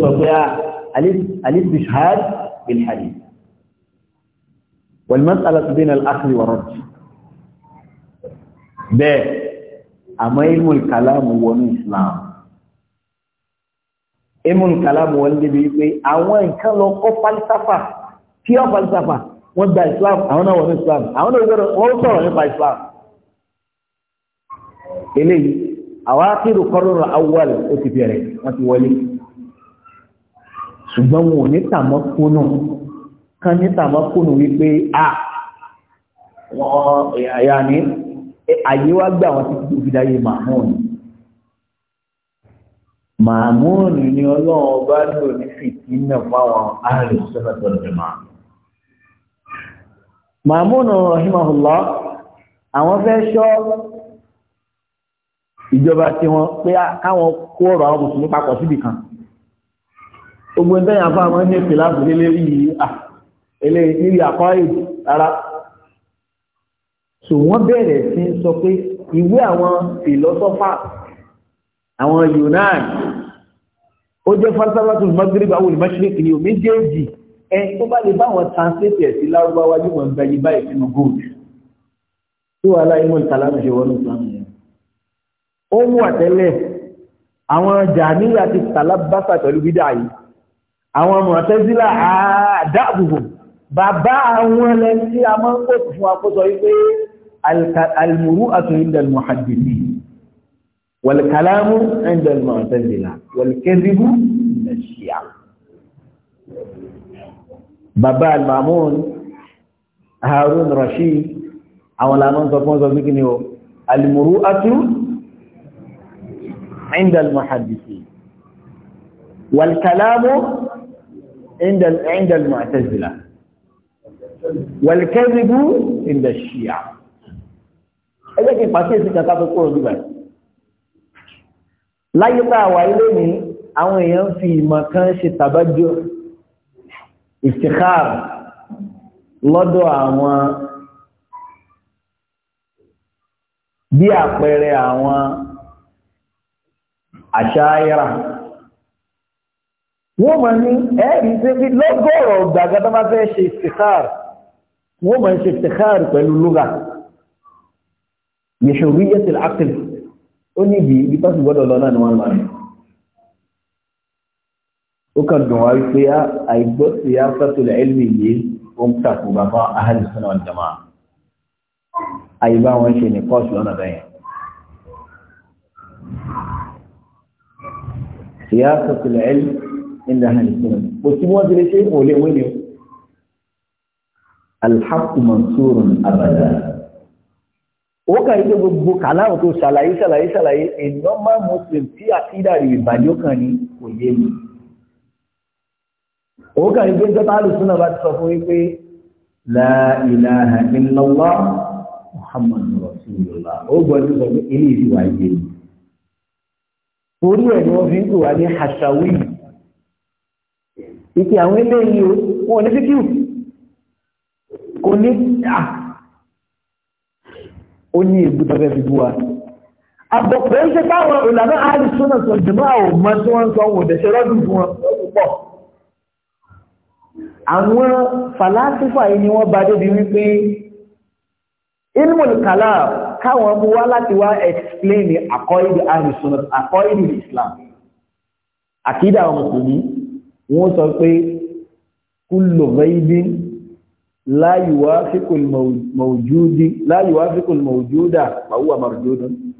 sọ pé ah, alistishhad bil hadith wal mas'alatu bayna bẹ́ẹ̀ àmọ́ ilmul kalam wọnú islam emun kalamu wọn débi wípé àwọn nǹkan lọ kọ́ falisafa kí ọ falisafa wọ́n gba islam àwọn náà wọ́n ní islam àwọn náà gbọ́dọ̀ wọ́n sọ̀rọ̀ nípa islam. eléyìí àwọn akéèrò kọ́rọ̀rọ̀ awwal ó ti bẹ̀rẹ̀ wọ́n ti wọlé ṣùgbọ́n wọn ò ní tàmọ́ kónú kan ní tàmọ́ kónú wípé a wọ́n àyà ní àyè wá gbà wọn títí fi dáyé màmúù ni màmúùnù ni ọlọ́run ọba lò ní fìtínà fáwọn àrùsọ́nà tó lè máa. màmúùnù rahimahullah àwọn fẹ́ ṣọ́ ìjọba tí wọ́n pé káwọn kó ọ̀rọ̀ àwọn mùsùlùmí papọ̀ síbì kan. gbogbo ẹgbẹ́ yẹn fáwọn ní èpè lábùlé lérí eléyìí àkọ́ èdè rárá. sò wọ́n bẹ̀rẹ̀ sí sọ pé ìwé àwọn fìlọ́sọ́fà àwọn Yunan ó jẹ́ falsafatul maghrib awul mashriq ni méjèèjì ẹ tó bá lè báwọn translate ẹ̀sí lárúbáwá yóò mọ̀ gbayi báyìí sínú tí wàá láyé mọ̀ kàlámù ṣe wọnú ìsìlámù yẹn ó mú àtẹ́lẹ̀ àwọn jàmíyà ti tàlábàṣà pẹ̀lú bídà yìí àwọn mọ̀tẹ́sílà àdáàbùbù bàbá àwọn ẹlẹ́ni tí a máa ń pèsè fún akóso wípé almuru والكلام عند المعتزلة والكذب عند الشيعة بابا المامون هارون رشيد او làmọ́ sọ fún ọzọ عند المحدثين والكلام عند عند المعتزلة والكذب عند الشيعة ẹgbẹ́ kí pàṣẹ ìsìnkà káfẹ́ láyé bá wà ilé ní àwọn èèyàn fi ìmọ̀ kan ṣe tàbájọ́ ìfìkáàr lọ́dọ̀ àwọn bí àpẹẹrẹ àwọn àṣáyára wọ́n mọ̀ ní ẹ̀rí tí bí lọ́gọ́rọ̀ gbàgbàtà bá fẹ́ ṣe ìfìkáàr wọ́n mọ̀ ṣe ìfìkáàr pẹ̀lú lúgà yẹ̀ṣòrí yẹ́sìl ákìlì ó níbi ibi tó sì gbọ́dọ̀ lọ náà ni wọ́n máa ó kàn dùn wá wípé àìgbọ́ sí a le ẹlùmí yìí ó ń tàkù bàbá ahàlì sọ́nà ọ̀dàmà ba wọn ṣe ní kọ́ọ̀sì lọ́nà bẹ́yẹn سياسة العلم عند أهل السنة le هذا الشيء ولي الحق منصور abada ó kà yí pé gbogbo kàláwù tó ṣàlàyé ṣàlàyé ṣàlàyé a normal muslim tí àkídà rẹ̀ ìbàjẹ́ kan ní kò yé mi ó kà yí pé jọba alùsùnà bá ti sọ fún wípé la ilaha illallah muhammadu rasulullah ó gbọ́dọ̀ sọ pé ilé ìsìwà yé mi torí ẹ̀ ni wọ́n fi ń pè wá ní hasawi ìpè àwọn eléyìí o wọn ò ní fíkìú kò ní ó ní ègbú tọ́fẹ́ fi bú wa àbọ̀pọ̀ ó ṣe táwọn ìlànà àìsúnà sọ jùmọ́ àwọn ọmọ tí wọ́n ń sọ wọ́n dẹ̀ṣẹ́ lọ́dún fún wọn púpọ̀ àwọn fàlásífà yìí ni wọ́n bá débi wípé ilmul kalam káwọn mú wá láti wá explain àkọ́ìdì àìsúnà àkọ́ìdì Islam àkídà àwọn mùsùlùmí wọ́n sọ pé kullu ghaibin la yuwafiqu al-mawjudi la yuwafiqu al-mawjuda fa huwa mardudun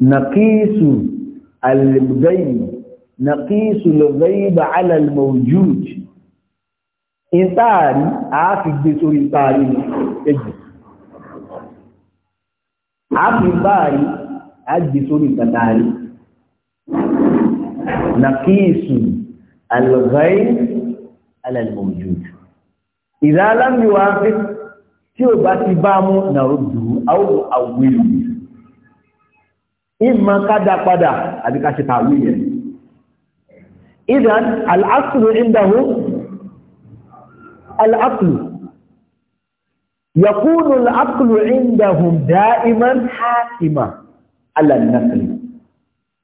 naqisu al-ghayb naqisu al-ghayb ala al-mawjud intari a fi gbé sórí intari eji a fi bari a gbé sórí intari naqisu al-ghayb ala ìdálámiwá fi tí ó bá ti bá mú nà ó dùn áwọ̀ àwìlù ìmọ̀ kádà padà àbí ká ṣe tàwí yẹn ìdán al'aslu indahu al'aslu yakunu al'aslu indahum da'iman hakima ala an-naql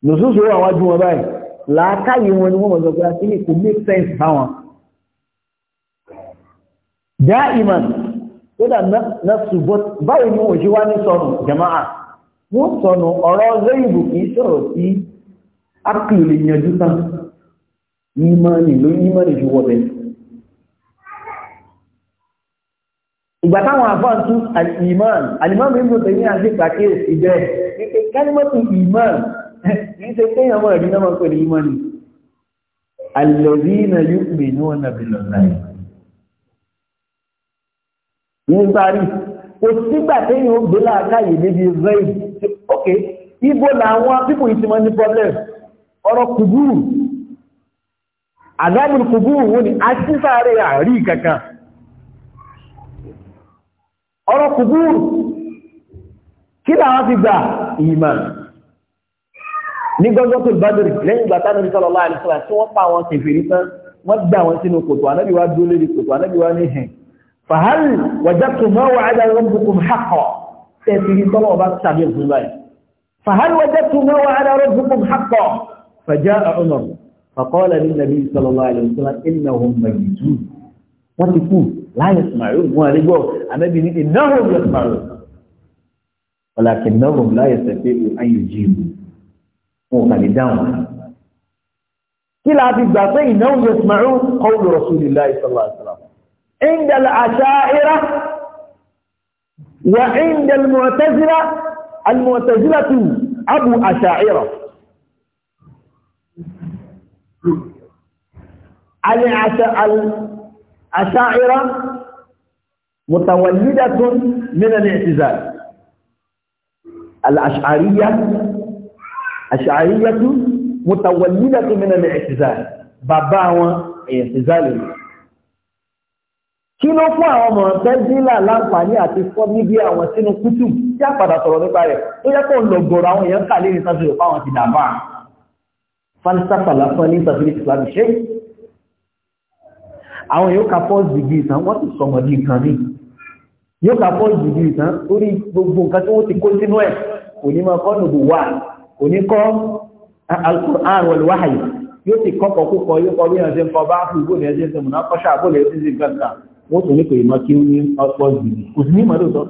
nusus wa waju wa bai la dáìmàn kódà nafsu bọ́ báwo ni wọ́n ṣe wá ní sọnù jama'a wọ́n sọnù ọ̀rọ̀ lẹ́yìnbù kì í sọ̀rọ̀ sí ápì lè yanjú tán ìmọ̀ni ló ìmọ̀ni fi wọ́ bẹ́ẹ̀. ìgbà táwọn al-iman al-iman mi ń bọ̀ tẹ̀yìn àti pàkíyèsí bẹ́ẹ̀ iman kì í ṣe kéèyàn mọ̀ ẹ̀rí náà máa ń pè ní ìmọ̀ni nígbàrí kò sígbà téyìn ó gbé láàkáyè níbi zayn ok ibo làwọn pípò ìtìmọ̀ ní problem ọ̀rọ̀ kùbúrù àdábùn kùbúrù wọn ni a ti sáré àrí kankan ọ̀rọ̀ kùbúrù kí làwọn fi gbà ìmàn ní gbọ́gbọ́ tó bádìrì lẹ́yìn ìgbà tánà ní sallallahu alaihi wasallam tí wọ́n pa àwọn kèfèrí tán wọ́n gbà wọn sínú kòtò ànábì wá dúró lórí kòtò ànábì wá ní hẹ̀ẹ́ فهل وجدتم ما وعد ربكم حقا تأتي طلعوا بعد في الباية فهل وجدتم ما وعد ربكم حقا فجاء عمر فقال للنبي صلى الله عليه وسلم إنهم ميتون وتقول لا يسمعون انا بني إنهم يسمعون ولكنهم لا يستطيعون أن يجيبوا وقال داون كلا في الباطئ إنهم يسمعون قول رسول الله صلى الله عليه وسلم عند الأشاعرة وعند المعتزلة المعتزلة أبو أشاعرة الأشاعرة متولدة من الاعتزال الأشعرية أشعرية متولدة من الاعتزال بابا اعتزالهم kí ló fún àwọn ọmọ bẹ́ńdílà láǹfààní àti fọ́ níbi àwọn sínú kútù tí a padà sọ̀rọ̀ nípa rẹ̀ tó yẹ kó lọ gbọ̀rọ̀ àwọn èèyàn kà lérí sáfihàn pa àwọn ti dàbà falisafa lásán ní sáfihàn islamic ṣe àwọn yóò ka fọ́ dìgbì ìtàn wọ́n ti sọmọ di nǹkan ní yóò ka fọ́ dìgbì ìtàn lórí gbogbo nǹkan tí wọ́n ti kó sínú ẹ̀ kò ní máa kọ́ nùbù wà kò ní kọ́ al-Qur'an wal wahyi yóò ti kọ́kọ́ kókọ yóò kọ́ bí wọ́n ṣe ń kọ́ bá fún ìgbóni ẹ̀ ṣe ń sọ mùnà kọ́ṣà bó lè ṣe ń wọ́n tún ní pé ìmọ̀ kí ó ní ọpọ̀ jìdì kò sí ní ìmọ̀ lóòótọ́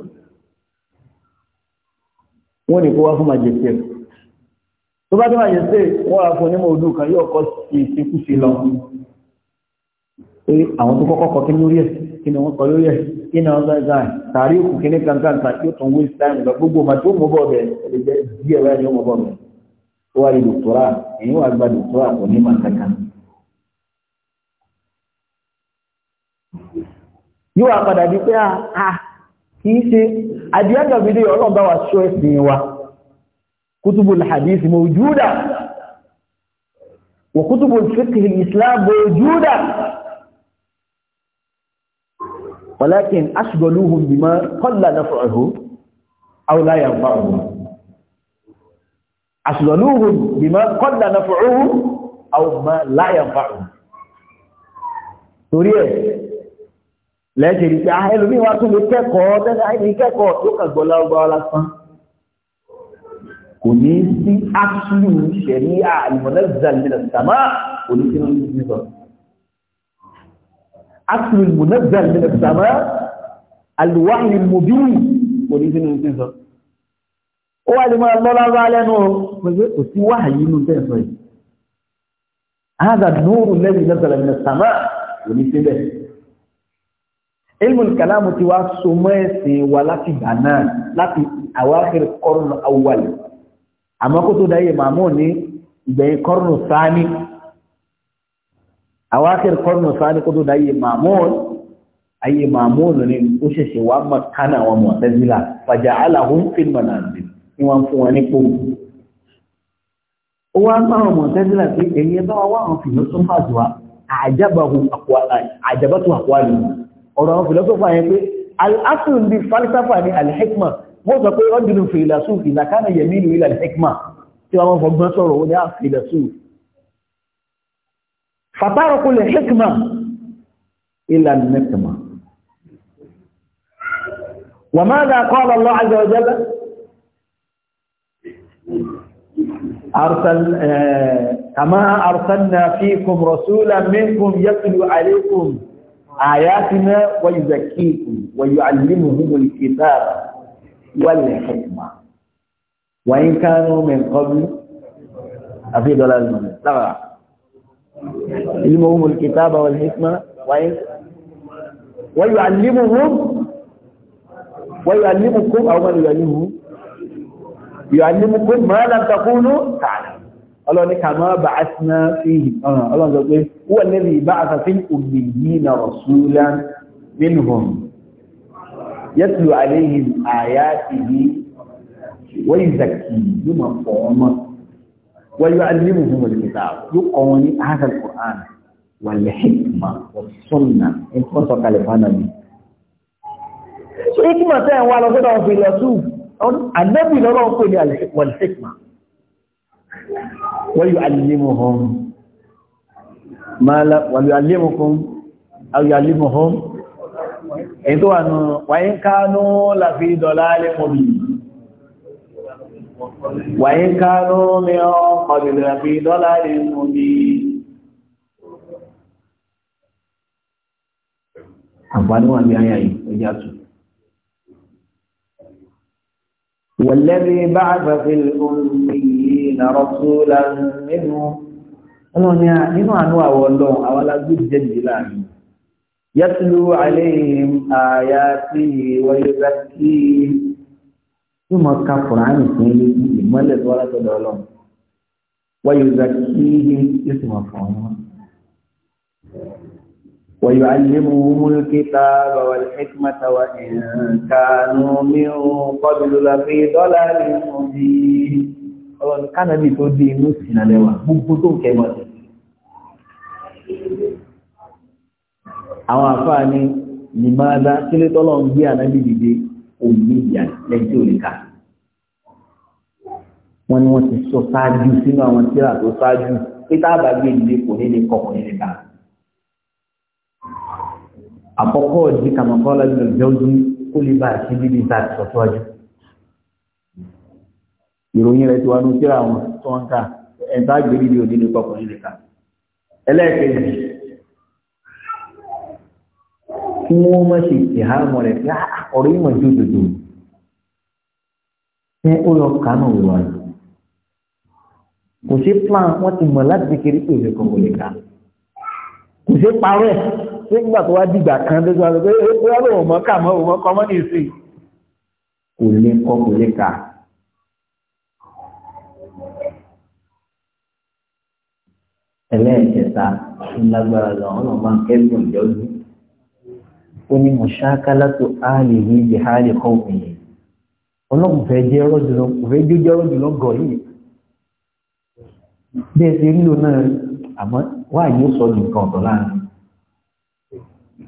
wọ́n ní kó wá fún màjèsè tó bá tó màjèsè wọ́n wá fún onímọ̀ odù kan yóò kọ́ sí ìṣekúṣe lọ pé àwọn tó kọ́kọ́ kọ́ kí ní orí ẹ̀ kí ni wọ́n kọ́ lórí ẹ̀ kí ni wọ́n bá yóò wá padà di pé àà ah, ah, kì í ṣe àdíyàgbàgbèdè ọlọ́ọ̀bá wa ṣọ́ ẹ̀sìn wa kútùbù hadithi mawjuda wa kútùbù fiqh islam mawjuda walakin ashghaluhum bima qalla naf'uhu aw la yanfa'uhum ashghaluhum bima qalla naf'uhu aw ma la torí ẹ̀ lẹ́sẹ̀ rí pé ah, ẹlòmíì wá tún lè kẹ́kọ̀ọ́ tẹ́lẹ̀ àìní kẹ́kọ̀ọ́ tó kàgbọ́ lárúbáwá lásán kò ní sí áṣùlù ṣẹ̀rí al-munazzal min as-samaa kò ní sí lórí sísọ áṣùlù al-munazzal min as-samaa al-wahy al-mubin kò ní sí lórí sísọ ó ilmul kalamu ti wá so mọ́ ẹ̀sìn wa láti gbà náà láti àwáhìr kọrùn awwal àmọ́ kó tó dáyé màmú ní ìgbẹ̀yìn kọrùn sáni àwáhìr kọrùn sáni kó tó dáyé màmú ayé màmú ní ó ṣẹ̀ṣẹ̀ wá mọ̀ kánà wọn mọ̀ tẹ́sílà fàjà aláhùn fílmọ̀ náà ní wọ́n fún wọn ní pò ó wá mọ̀ mọ̀ tẹ́sílà pé èyí bá wà wọn fìlọ́sọ́fà jù wá àjábàtú àkọ́wàlù ọ̀rọ̀ àwọn fìlọ́sọ́fà yẹn pé bí falsafa ní al-hikma wọ́n sọ pé ọdún fìlàsúf ìlàkánà yẹ̀mí ìlú alhikma hikma ilẹ̀ yemi ilu ile alhikma ti won fọ́ gbọ́n soro won ni máa dà qala Allah أرسل كما أرسلنا فيكم رسولا منكم يتلو عليكم آياتنا ويزكيكم ويعلمهم الكتاب والحكمة وإن كانوا من قبل أفي ضلال المنزل لا علمهم الكتاب والحكمة وإن ويعلمهم ويعلمكم أو من يعلمهم يعلمكم ما لم تكونوا تعلمون ọlọ́ni kàmọ́ bá a ti náà fi ọ̀ràn ọlọ́run sọ pé wọ́n níbi ìbá àtàfin òbí yìí na ọ̀ṣúlá nínú hàn yẹ́tù àléhìn àyá ìdí wọ́n yìí zàkì yìí mà fọ́ ọmọ wọ́n yóò fún wọn kìtà yóò kọ́ wọn ní ahàkà kùrán wà lè ويعلمهم ما لا ويعلمكم أو يعلمهم ètò ànà wàyíkánú láfi dọ̀lá lẹ́kọ̀bí wàyíkánú ní ọkọ̀bìnrin láfi dọ́lá lẹ́kọ̀bí àǹfàní wà ní ayà yìí ẹjá tù wàlẹ́rí bá àgbàfẹ́ lórí na rọ́túlá nínú ọlọ́ni nínú àánú àwọ̀ ọlọ́run àwọn alágbèjẹ́ nìyí láàrin yẹtulu àlẹ́yìn àyà sí wọlé bẹ́tì yóò máa ka kùránì fún yín lójú ìmọ́lẹ̀ tó wà látọ̀dọ̀ ọlọ́run wọ́n yóò kí yín yóò sì máa fọ̀ wọ́n. ويعلمهم الكتاب والحكمة وإن كانوا من قبل لفي ضلال مبين ọ̀rọ̀ ní kánàbì tó dé inú ìsìnà lẹ́wà gbogbo tó kẹ́ mọ́ sí. àwọn àfáà ní nìmáadá kílé tọ́lọ̀ ń gbé ànábì dìde òní ìyá lẹ́yìn tí ò lè kà. wọ́n ní wọ́n ti sọ ṣáájú sínú àwọn tíra tó ṣáájú pé tá a bá gbé dìde kò ní lè kọ̀ kò ní lè kà. àkọ́kọ́ ọ̀dí kàmọ́kọ́ lọ́dún ìjọ́jú kó lè bá àṣírí bí ìta àti sọ́tọ́jú ìròyìn rẹ̀ ti wá ní kíra wọn tó ń ká ẹ̀ta gbèrí ní òdínú tọkùnrin nìkan ẹlẹ́ẹ̀kejì kí wọ́n má ṣe ìhámọ́ rẹ̀ pé ọ̀rọ̀ yìí mọ̀ ju dòdò ṣé ó yọ kánú wà kò sí plan wọ́n ti mọ̀ láti kékeré pé òfin kan kò lè ká kò sí parẹ́ nígbà tó wá dìgbà kan lójú àlọ́ pé ó yọ lóun mọ̀ ká mọ́ òun mọ́ kọ́ mọ́ nìsín kò lè kọ́ kò ká. ẹlẹ́ẹ̀kẹta ńlágbára lọ́wọ́ náà máa ń kẹ́gùn ìjọ́jú ó ní mọ̀ṣákálátó áàlì yìí di áàlì kọ́ọ̀kùn yìí ọlọ́run fẹ́ jẹ́ rọ́jùlọ fẹ́ jó jẹ́ rọ́jùlọ gọ̀ yìí bẹ́ẹ̀ ṣe rí lò náà àmọ́ wà yóò sọ ní nǹkan ọ̀tọ̀ láàrin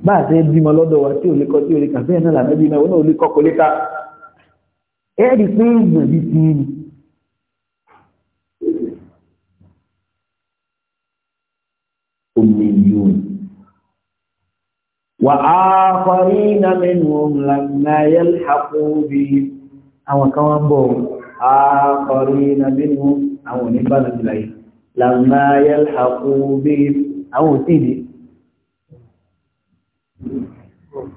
bá a bímọ lọ́dọ̀ wa tí ò lè kọ́ tí ò lè kà bẹ́ẹ̀ náà làbẹ́bí náà ó náà ò lè kọ́ kò lè ka ẹ̀ẹ́dì pé ìgbọ̀n bíi ti وآخرين منهم لما يلحقوا بهم أو كما بهم آخرين منهم أو نبالا إليه لما يلحقوا بهم أو تيدي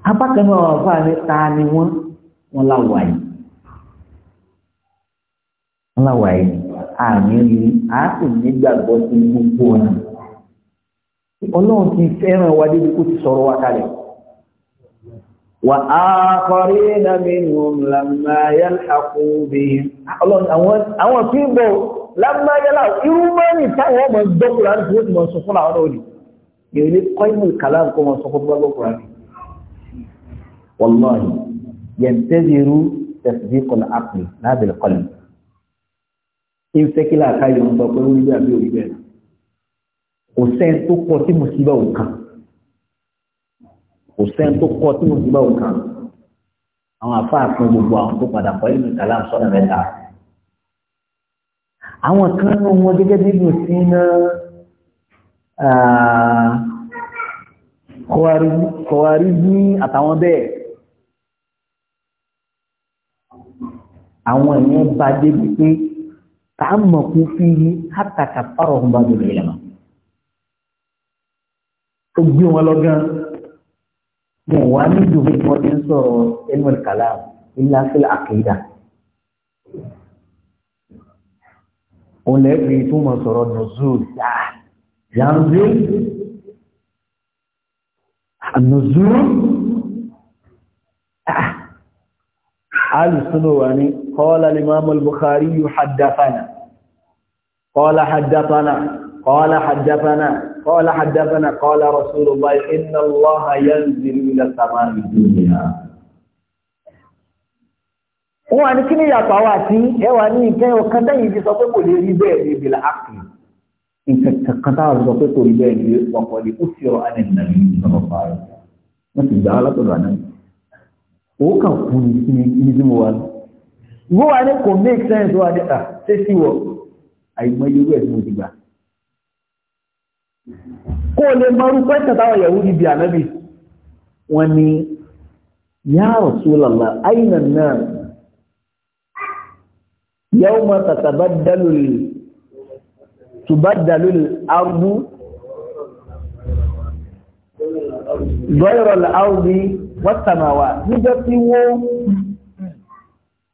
apá kan náà wà fún àmì ta ni wọ́n wọ́n láwà yìí wọ́n láwà yìí àmì rí àákù nígbàgbọ́ sí gbogbo ọ̀nà ọlọ́run ti fẹ́ràn wa débi kó ti sọ̀rọ̀ wa kalẹ̀. وآخرين منهم لما يلحقوا بهم ọlọ́run àwọn tí ń bọ̀ lámá yálà irú mẹ́rin táwọn ọmọ gbọ́kùnrin tí ó ti mọ̀ sọ fún àwọn òní yóò ní kọ́ìmù ìkàlá nǹkan mọ̀ sọ fún gbọ́kùnrin wọ́lọ́ọ̀ni yẹn tẹ́lẹ̀ irú tẹ̀sí kọlá àpè lábẹ́lẹ̀ kọlá kí n fẹ́ kí láàká yọ̀ ń sọ pé ó rí bí àbí òrí bẹ́ẹ̀ kò sẹ́ni tó pọ̀ tí mo sì bá òun kàn kò sẹ́ni tó kọ́ tí mo ti bá wò kàn àwọn àfáà fún gbogbo àwọn tó padà kọ́ ìlú kàlá sọ́nà mẹ́ta àwọn kan ní wọn gẹ́gẹ́ bí ibùn sí náà kọ̀wárí ní àtàwọn bẹ́ẹ̀ àwọn ìyẹn bá débi pé tààmọ̀kú fi yí hátàkà fárọ̀ ọ̀hún bá dòdò ìlànà ó gbé wọn lọ gan-an wọn wá ní dùbí wọn ti ń sọ̀rọ̀ ilmul kalam illa fil aqida òun lẹ́ẹ̀kì tó mọ̀ sọ̀rọ̀ nùzúl dáa yanzu nùzúl alùsùnù wà ní qala al-imam al-bukhari haddathana qala haddathana qala قال حدثنا قال رسول الله إن الله ينزل إلى السماء الدنيا wọ́n a ní kí ní yàtọ̀ àwọn àti ẹwà ní ìkẹ́ ọ̀kan tẹ́yìn ti sọ pé kò lè rí bẹ́ẹ̀ ní ìbìlà ápì nǹkan kan táwọn sọ pé kò rí bẹ́ẹ̀ ní ọkọ̀ ní ó fi ọ̀rọ̀ àdẹ̀ nàbí ìsọ̀rọ̀ bá rẹ̀ wọ́n ti gbà á látọ̀dọ̀ àná òun kà fún mi ní tí mo wà ní. wọ́n wà ní kò make sense wà ní à ah, ṣé sí wọ àìmọye owó ẹ̀ mo ti gbà kó lè mọ́rú pẹ́sẹ̀ táwọn Yahudi bí ànábì wọ́n ní ya Rasulallah aina an-nas yawma tatabaddalu tubaddalu al-ardu ghayra al-ardi was wọ́n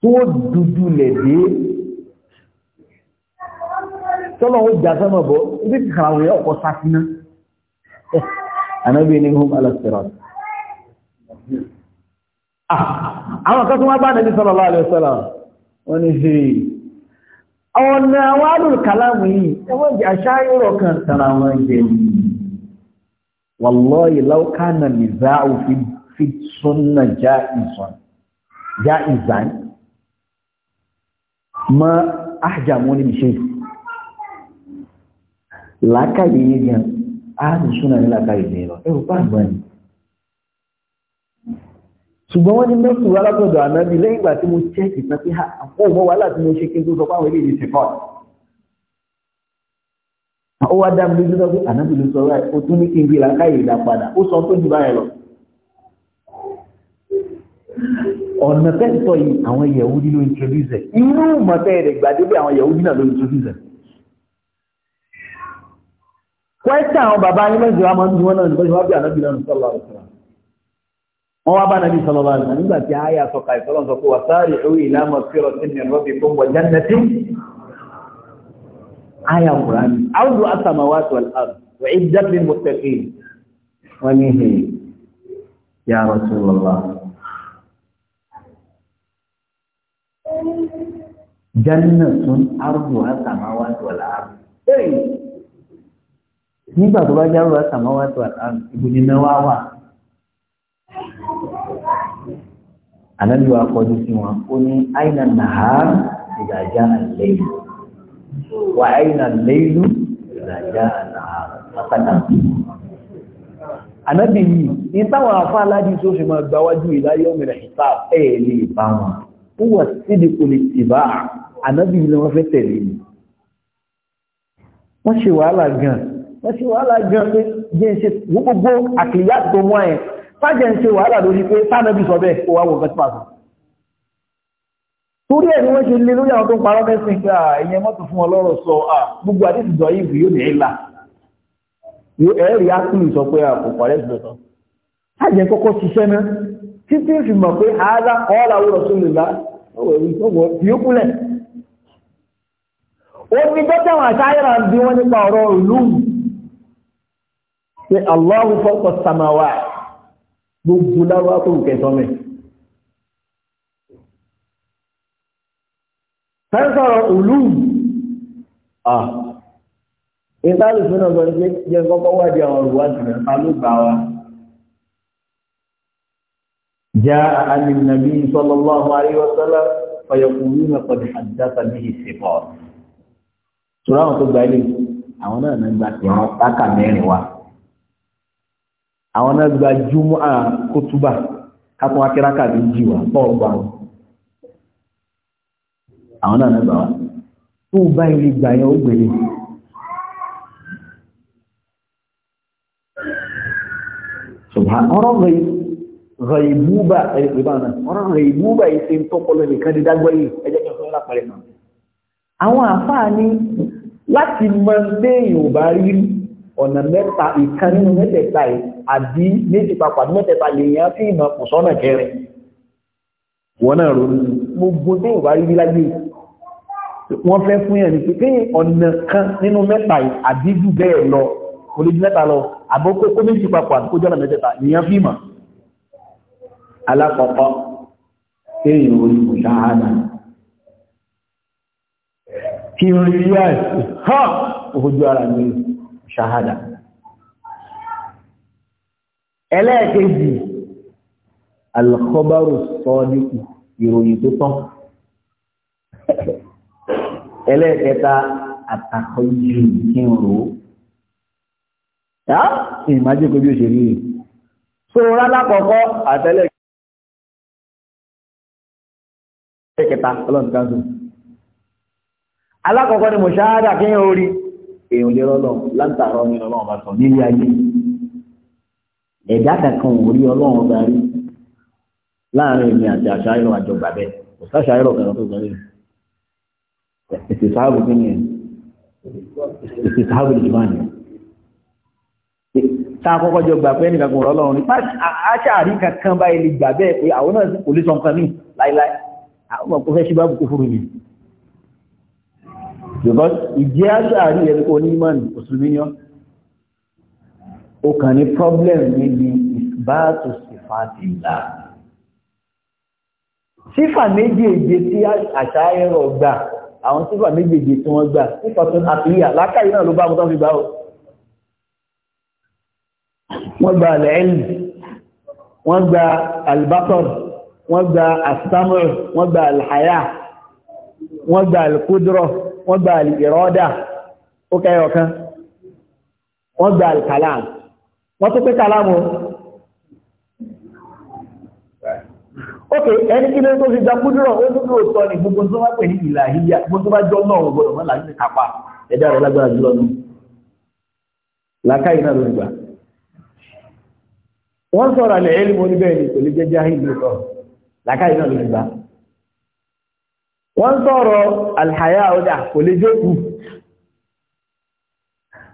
tó dúdú lẹ̀dẹ́ tọ́lọ̀ ó jà sọ́mọ̀ bọ́ ibi tí kàràwọ̀ yẹ ọkọ̀ sáfínà eh, anábì ní hum alasirat ah, àwọn kan tó wá bá nàbí sallallahu alaihi wasallam wọ́n ní sí ọ̀nà àwọn alùkàlámù yìí wọ́n jẹ́ aṣáyọ̀rọ̀ kan tara wọn jẹ́ wallahi law kana niza'u fi ma ahjamuni bi shay'in làákàyè yìí gan áàdùn súnà ní làákàyè yìí lọ ẹ̀rù bá àgbà ni. ṣùgbọ́n wọ́n ní mẹ́sùn alákọ̀dọ̀ ànábì lẹ́yìn ìgbà tí mo chẹ́ẹ̀kì tán pé àpò òmò wàhálà tí mo ṣe kí n tó sọ pé àwọn eléyìí ti kọ́ ó wá dá mi lójú lọ pé ànábì ló sọ wáyé o tún ní kí n gbé làákàyè ìdá padà ó sọ tó ju báyẹn lọ. ọ̀nà tẹ́sítọ̀ yìí àwọn Yẹ̀húdí ló introduce ẹ̀ inú mọ̀tẹ́ rẹ̀ gbàdébẹ̀ àwọn Yẹ̀húdí ẹ̀. kwẹ́sà àwọn bàbá yín mẹ́jọ a máa ń dúnwọ́n náà nígbàtí wọ́n bí ànábì náà sọ́lọ́ ọ̀sán wọ́n wá bá nàbí sọ́lọ́ bá nà nígbà tí àyà sọ̀ka ìsọ́lọ́ sọ nígbà tó bá járó wa sàmáwá tó ìbò nínú wa wà ànábì wa kọjú sí wọn ó ní àìnà nàhár ìdájá àlẹ́yìn wà àìnà lẹ́yìn ìdájá àlàhár pátá ànábì yìí ní táwọn afá aládìí tó fi máa gbáwájú ìdáyọ̀ mìíràn ìfà ẹ̀ lè bá wọn ó wà sídìí kò lè tìbá ànábì yìí ni wọ́n fẹ́ tẹ̀lé wọ́n ṣe wàhálà gan-an wọ́n ṣe wàhálà gan pé jẹ́ ṣe gbogbo àkìlíyà tó mú àyẹ̀ fájẹ̀ ń ṣe wàhálà lórí pé sánàbí sọ bẹ́ẹ̀ ó wá wọ̀ bẹ́ẹ̀ pàṣẹ. torí ẹ̀ ni wọ́n ṣe lé lórí àwọn tó ń parọ́ mẹ́sìn pé ẹ̀yẹn mọ́tò fún ọlọ́rọ̀ sọ gbogbo àdéhùn sọ yìí yóò ní ìlà ẹ̀rí ákùlù sọ pé kò pàrẹ́ ìdọ̀tọ̀ fájẹ̀ kọ́kọ́ ṣiṣẹ́ náà títí fi mọ̀ pé àádá kọ́ọ́lá wúrọ̀ tó lè lá ó ní dọ́tàwọn àṣáyẹ̀rà ń bí wọ́n nípa ọ̀rọ̀ ìlú pé Allah fọ́pọ̀ samawa gbogbo láwá tó rùkẹ́ sọ́mẹ̀. Sẹ́sọ̀rọ̀ òlú ah ìtàlù fún ọ̀sọ̀ ní jẹ́ kọ́kọ́ wà di àwọn olùwà sí ẹ̀ta ló gbà wá. Já àmì nàbí sallallahu alaihi wa sallam fayaquluna qad haddatha bihi thiqat. Sọ̀rọ̀ àwọn tó gbà ilé, àwọn náà náà gbà tí wọ́n mẹ́rin wa àwọn náà gba júmọ́ à kótúbà kápọ̀ akẹ́ráka bí jíwà ọgbà wọn àwọn náà náà gbà wá tó bá ilé gbà yẹn ó gbèrè ṣùgbọ́n ọ̀rọ̀ rẹ̀ rẹ̀ìbúbà ẹ̀rẹ̀kùnbáná ọ̀rọ̀ rẹ̀ìbúbà ìṣe ń tọ́pọ̀lọ́ nìkan di dágbọ́yé ẹjẹ́ kí n fún lápẹ̀rẹ̀ àwọn àfáà ní láti mọ déèyàn ò bá rí ọ̀nà mẹ́ta ìkan nínú mẹ́tẹ̀ẹ̀ta yìí àbí méjì papọ̀ àbí mẹ́tẹ̀ẹ̀ta lèèyàn fi ìmọ̀ kù sọ́nà kẹrin wọ́n náà ronú gbogbo tí ò rí láyé wọ́n fẹ́ fún yẹn ni pé kí ọ̀nà kan nínú mẹ́ta àbí jù bẹ́ẹ̀ lọ kò lè ju mẹ́ta lọ àbókó kó méjì papọ̀ àbí kó jọ́nà mẹ́tẹ̀ẹ̀ta lèèyàn fi ìmọ̀ alákọ̀ọ́kọ́ kí n rí rí ha ojú ara mi ṣáhádà ẹlẹ́ẹ̀kejì alkọ́bárò sọ nípò ìròyìn tó tán ẹlẹ́ẹ̀kẹta àtàkọ́jú kí n rò ó yá ìmájú kò bí ó ṣe rí rí so àtẹ́lẹ̀ ẹ̀kẹta ọlọ́run kan alákọ̀ọ́kọ́ ni mo ṣáádà kí n rí èèyàn lè láǹtàrọ́ ní ọlọ́run bá sọ nílé ayé ẹ̀dá kankan ò rí ọlọ́run ọba rí láàrin èmi àti àṣàyẹ̀rọ àjọgbà bẹ́ẹ̀ kò sáṣàyẹ̀rọ kan tó gbọ́dọ̀ ètò ìsáàbù kí ni ètò ìsáàbù ìjùmọ̀ ni tá a kọ́kọ́ jọ gbà pé ẹnìkan kò rọ́lọ́run ní pàṣẹ àṣàrí kankan báyìí lè gbà bẹ́ẹ̀ pé àwọn náà kò lè sọ nǹkan míì láíláí àwọn ọmọ kò fẹ́ ṣe bá bùkún fún mi because ìjẹ́ àṣàrí ẹni ó kàn ní problem níbi ìbáàtò sífàtìlá sífà méjèèje tí àṣà ẹ̀rọ gbà àwọn sífà méjèèje tí wọ́n gbà sífà tó àfihàn lákàrí náà ló bá mọ́tọ́ fi bá o wọ́n gba alẹ́ẹ̀lì wọ́n gba albasar wọ́n gba asamur wọ́n gba alhaya wọ́n gba alkudro wọ́n gba alìrọ́dà ó kẹ́yọ̀ kan wọ́n gba alkalam wọ́n tó pé kàlámù ok ẹni kí ló tó fi dakúdúrọ̀ ó dúdú òtọ́ ni gbogbo tó bá pè ní ìlà ìyá gbogbo tó bá jọ náà ò gbọdọ̀ mọ́lá nínú kápá ẹ̀dá rẹ̀ lágbára jùlọ nù làákàyè náà ló ń gbà wọ́n sọ̀rọ̀ àlẹ́ ẹ̀rí mo ní bẹ́ẹ̀ ni kò lè làákàyè náà ló ń gbà wọ́n sọ̀rọ̀ àlàyé àwọ̀dà kò lè jókòó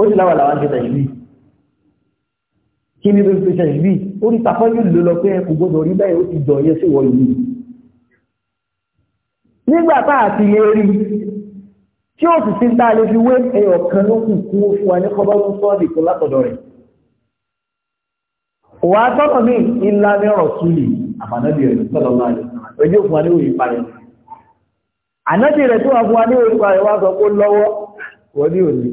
ó sì láwà làwọn jẹta ìlú kí ní lórí pẹ̀sẹ̀ ìlú ó rí tapọ́ yóò lò lọ pé kò gbọdọ̀ rí báyìí ó ti jọ yẹ sí wọ ìlú nígbà tá a ti lè rí tí ó sì ti ń tá lè fi wé ẹyọ kan ló kù kú fún wa ní kọ́bá ló ń sọ́ ọ́dì tó látọ̀dọ̀ rẹ̀ wàá tọ́nà ní ilá ní ọ̀rọ̀ súlì àbánábì rẹ̀ sọ́dọ̀ máa lè ojú òfin wa ní òye parẹ́ ànábì rẹ̀ tó wà fún wa ní òye parẹ́ wá sọ pé lọ́wọ́ wọ́n ní òye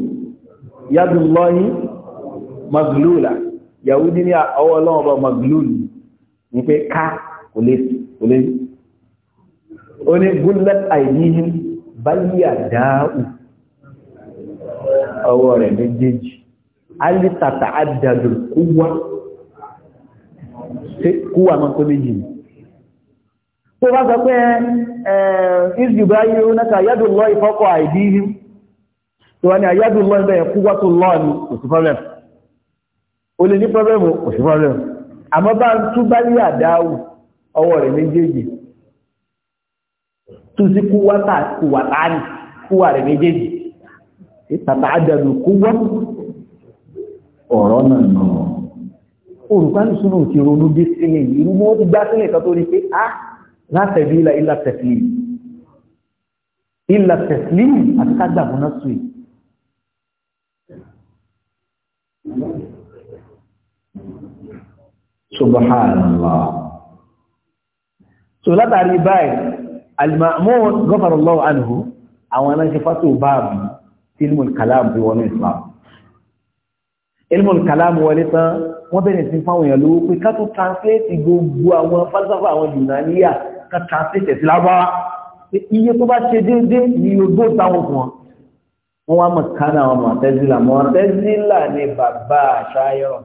yadullahi maglula yahudi ní ọwọ́ ọlọ́run bá maglulu ní pé ká kò lè kò lè ó ní gullat aydihim báyíyà dáàù ọwọ́ rẹ̀ méjèèjì alítàtà àdàdù kúwà kúwà máa kó méjì ni tó bá sọ pé ẹ̀ ìsìnbáyé ó náà yadùn lọ ìfọ́kọ̀ àìdíhìn tó wá ní àyájú lọ́ọ̀ bẹ́ẹ̀ kú tó lọ́ọ̀ ni kò sí problem o lè ní problem kò sí problem àmọ́ bá ń tún bá ní àdáwù ọwọ́ rẹ̀ méjèèjì tún sí kú wá tà kú wà láàánì kú wà rẹ̀ méjèèjì tàbí àdàlù kú wá náà nà olùkọ́ni súnú ronú dé sílẹ̀ yìí irú mọ́ gbá sílẹ̀ kan tó rí pé ah, a látẹ̀bí ilà tẹ̀sílì ilà tẹ̀sílì àti ká gbàgbọ́ná sùn yìí subhanallah so látàrí báyìí al-ma'mun ghafarallahu anhu àwọn aláṣẹ fásitì báàbù tí ilmul kalam bí wọnú islam ilmul kalam wọlé tán wọ́n bẹ̀rẹ̀ sí fáwọn èèyàn lówó pé ká tó translate gbogbo àwọn falsafa àwọn yunaniya ká translate ẹ̀sìn lábáwá iye tó bá ṣe déédéé ni yóò gbó wọ́n wá mọ̀ kánà àwọn mọ̀tẹ́sílà mọ̀tẹ́sílà ni bàbá àṣáyọ̀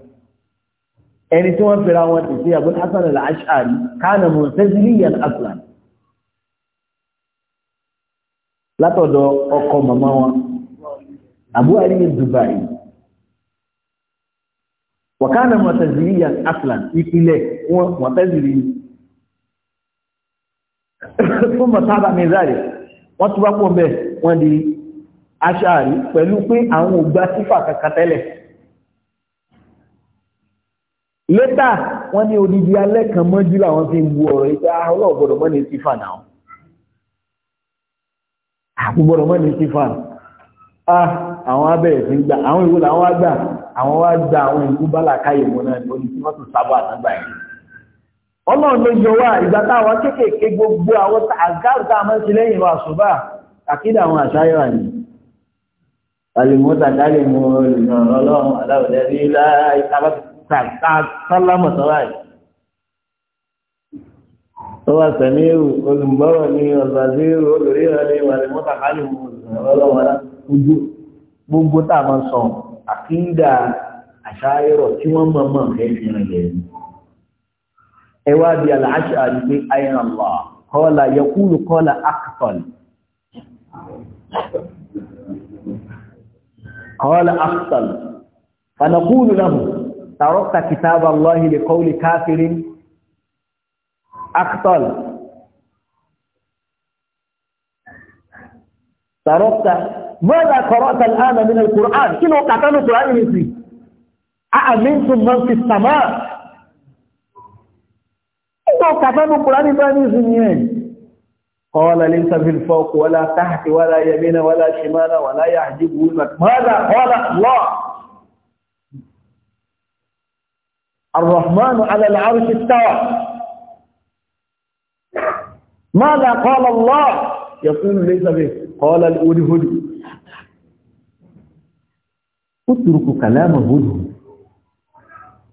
ẹni tí wọ́n fẹ́ra wọn ti ṣe àbúrò hasan al-ashari kánà mọ̀tẹ́sílìyàn aslan látọ̀dọ̀ ọkọ màmá wọn Abu Ali ní Dubai wàkánà mọ̀tẹ́sílìyàn aslan ìpìlẹ̀ wọn mọ̀tẹ́sílì fún mọ̀tábà wọ́n tún bá aṣáàrí pẹ̀lú pé àwọn ògbà sífà kankan tẹ́lẹ̀ lẹ́tà wọ́n ní odidi alẹ́ kan mọ́jú làwọn fi ń bu ọ̀rọ̀ ìta ah, ọlọ́ọ̀gbọ̀dọ̀ mọ́ ní sífà náà àkúgbọ̀dọ̀ ah, mọ́ ní sífà ah àwọn abẹ́rẹ̀ sí gbà àwọn ìwò làwọn wá gbà àwọn wá gbà àwọn ìlú bálà káyè wọn náà ní oní tí wọ́n tún àtàgbà yìí ọlọ́run ló yọ ìgbà táwọn kéékèèké gbogbo àwọn àgáàrù máa ń ṣe lẹ́yìn ìwà àṣùbà àkídà àwọn àṣáyọ̀ àyè alimutadali mu olùrànlọ́wọ́ aláwọ̀dẹ́ rí láì sálámù sọ́wọ́ yìí. tó wà sẹ́mi olùgbọ́wọ̀ ní ọ̀sàdé olùríra ní alimutadali mu olùrànlọ́wọ́ ojú gbogbo tá a máa sọ àkíńdà àṣàyẹ̀rọ̀ tí wọ́n máa máa fẹ́ fi rìn lẹ̀. ẹ wá di àlàáṣà àdúgbò ayẹyẹ àlọ́ kọ́lá yẹkúlù kọ́lá قال أفصل فنقول له تركت كتاب الله لقول كافر أخطل تركت ماذا قرأت الآن من القرآن كل وقت كان القرآن مثلي من في السماء كل وقت كان القرآن مثلي قال ليس في الفوق ولا تحت ولا يمين ولا شمال ولا يعجبه المك ماذا قال الله الرحمن على العرش استوى ماذا قال الله يقول ليس به قال الهدهد اترك كلام الهدهد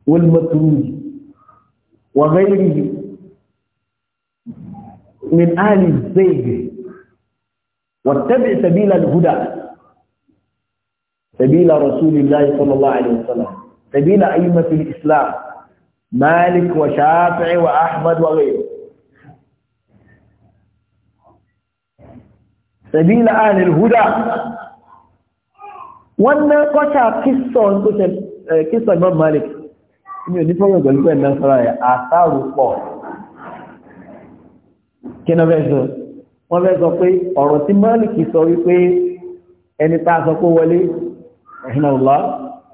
والمتروج وغيره من آل الزيد واتبع سبيل الهدى سبيل رسول الله صلى الله عليه وسلم سبيل أئمة الإسلام مالك وشافع وأحمد وغيره سبيل آل الهدى وانا kọ́ta kíṣọ́ tó ṣe kíṣọ́ ìmọ̀ malik ní onífọ́wọ́ ìgbẹ̀lú pẹ̀lú ẹ̀mẹ́fẹ́ra ẹ̀ kí náà fẹ́ sọ wọ́n fẹ́ sọ pé ọ̀rọ̀ tí Málìkì sọ wípé ẹni tá a sọ pé wọlé rahimahullah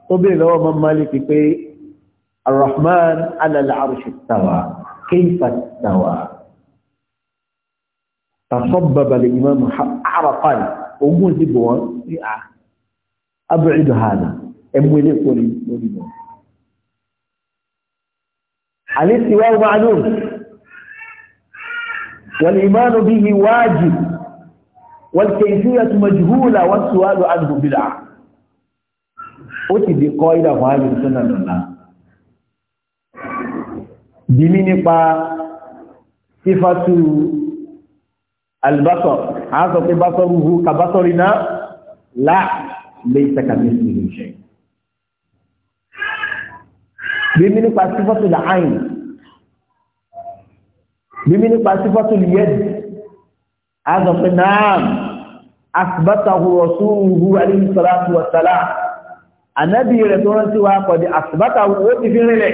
tó bèèrè lọ́wọ́ mọ́ Málìkì pé arrahman ala al-arshi istawa kayfa istawa tasabbaba al-imam arafan ogun ti bọ̀ wọ́n sí à abúrídù hànà ẹmú والإيمان به واجب والكيفية مجهولة والسؤال عنه بدعة ó ti di kọ́ ìdà fún ayé ìsúná lọ́la bìmí nípa sífàtú albasọ àásọ pé basọrù hu ka basọrì náà là lè sẹkàmí sí ìlú ṣe bìmí nípa sífàtú làáyìn bíbí nípa sífọ́tò yẹ́dì azọ̀fẹ́ náà asibátàhù rọ̀súrùhù aléhìsọ́láàtù wàsálà anábì rẹ̀ tó rántí wá kọ̀dí asibátàhù ó ti fi rinlẹ̀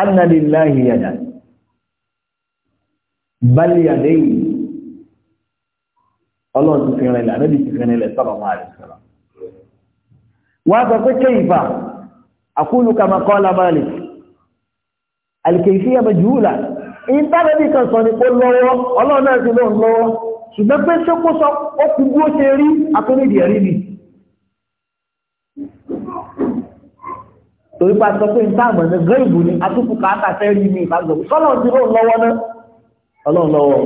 annalillahi yada bali yadayi ọlọ́run ti fi rinlẹ̀ anábì ti fi rinlẹ̀ sallallahu alaihi wasallam ìntánẹ́bì kan sọ ní pé lọ́wọ́ ọlọ́run náà ti lóun lọ́wọ́ ṣùgbọ́n pé ṣé kó sọ ó kú bí ó ṣe rí àtúnídì ẹ̀rí ni torí pa sọ pé nǹkan àmọ̀ ní gẹ́ìbù ni atúkù káàkà fẹ́ rí mi ìbágbọ̀ sọ́lọ́run ti lóun lọ́wọ́ náà ọlọ́run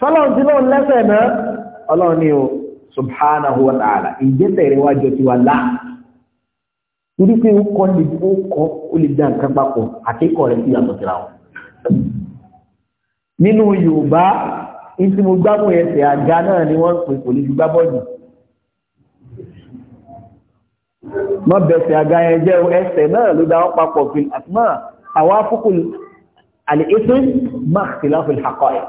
sọ́lọ́run ti lóun lẹ́sẹ̀ náà ọlọ́run ni o subhanahu wa ta'ala ìjẹ́sẹ̀ rẹ̀ wájọ ti wà láà torí pé ó kọ́ lè ó kọ́ ó lè dá nǹkan papọ̀ àkẹ́kọ̀ọ́ rẹ̀ sí yàtọ̀ síra wọn. nínú yorùbá tí mo gbámú ẹsẹ̀ àga náà ni wọ́n ń pè kò lè fi gbá bọ́ọ̀lù. mọ́ bẹ̀sẹ̀ àga yẹn jẹ́ ẹsẹ̀ náà ló dá papọ̀ fi àtúmọ̀ àwọn afúkù àlè ètò máàkì láfẹ́ àkọ́ ẹ̀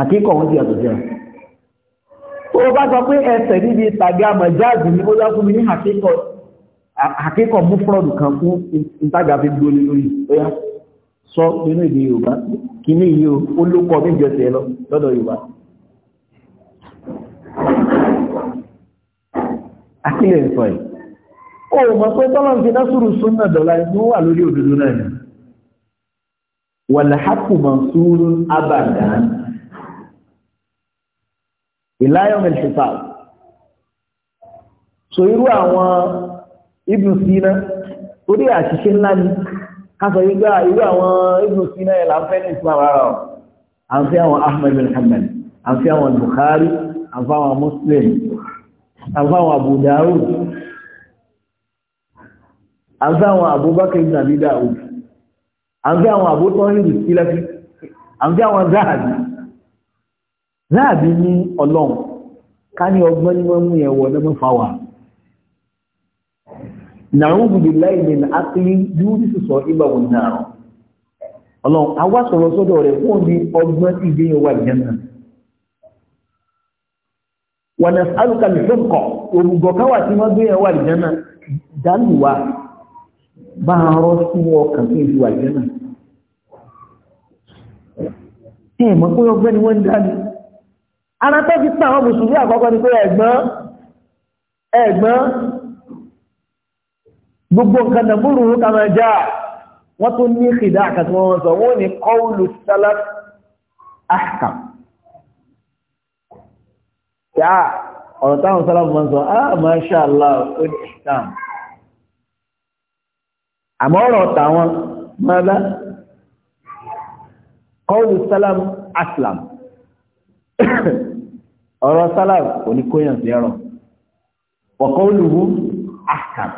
àkíkọ̀ wọn ti yàtọ̀ sí ọ. ó bá sọ pé ẹsẹ̀ níbi tàbí àmọ̀jáàzì ni ó yá fún mi ní àkíkọ̀ mú fúrọ̀dù kan fún ìtajà fi gbóni lórí ọyá sọ nínú èdè yorùbá kí ní iye olókọ méjì ọ̀sẹ̀ lọ lọ́dọ̀ yorùbá. akílẹ̀ ń sọ yìí ó mọ̀ pé tọ́lọ́n fi násùrù súnà dọ̀la ni wà lórí òdodo náà ni wàlàhákù mọ̀súrù abàdàn ìláyọ̀ mẹ́lìfẹ́fà so irú àwọn Ibn Sina torí àṣìṣe ńlá ni kásọ̀ yígbà ah, irú àwọn Ibn Sina yẹn là ń fẹ́ ní Islam rárá o à ń fẹ́ àwọn Ahmad bin Hanbal à ń fẹ́ àwọn Bukhari à ń fẹ́ àwọn Muslim à ń fẹ́ àwọn Abu Dawud àwọn Abubakar ibn Abi Dawud àwọn Abu Tahir Silafi à àwọn Zahabi láàbí ní ọlọ́run ká ní ọgbọ́n ní wọ́n mú yẹn wọ lọ́mọ fáwà nàrúbù bí láìní àkílí yúrí sọ ìgbàwò náà ọlọ́run awá sọ̀rọ̀ sọ́dọ̀ rẹ̀ fún ní ọgbọ́n ìgbé yẹn wà jẹ́nà wà ní alùkà lè fẹ́kọ̀ òrùgọ̀ káwà tí wọ́n gbé yẹn wà bá rọ́ sí ìlú wà ẹ̀ ara tó fi tàn àwọn mùsùlùmí àkọ́kọ́ ni pé ẹ̀gbọ́n ẹ̀gbọ́n gbogbo nǹkan dàbúrú kama já wọ́n tó ní ìdá àkàtí wọ́n sọ wọ́n ni kọ́ùlù salaf ahkam yá ọ̀rọ̀ táwọn salaf mọ́ sọ ah masha Allah ó ní ihkam àmọ́ ọ̀rọ̀ táwọn mọ́lá kọ́ùlù salaf aslam ọ̀rọ̀ sálà oníkóyàn sí ẹ̀rọ ọ̀kọ́ olùwú ahkam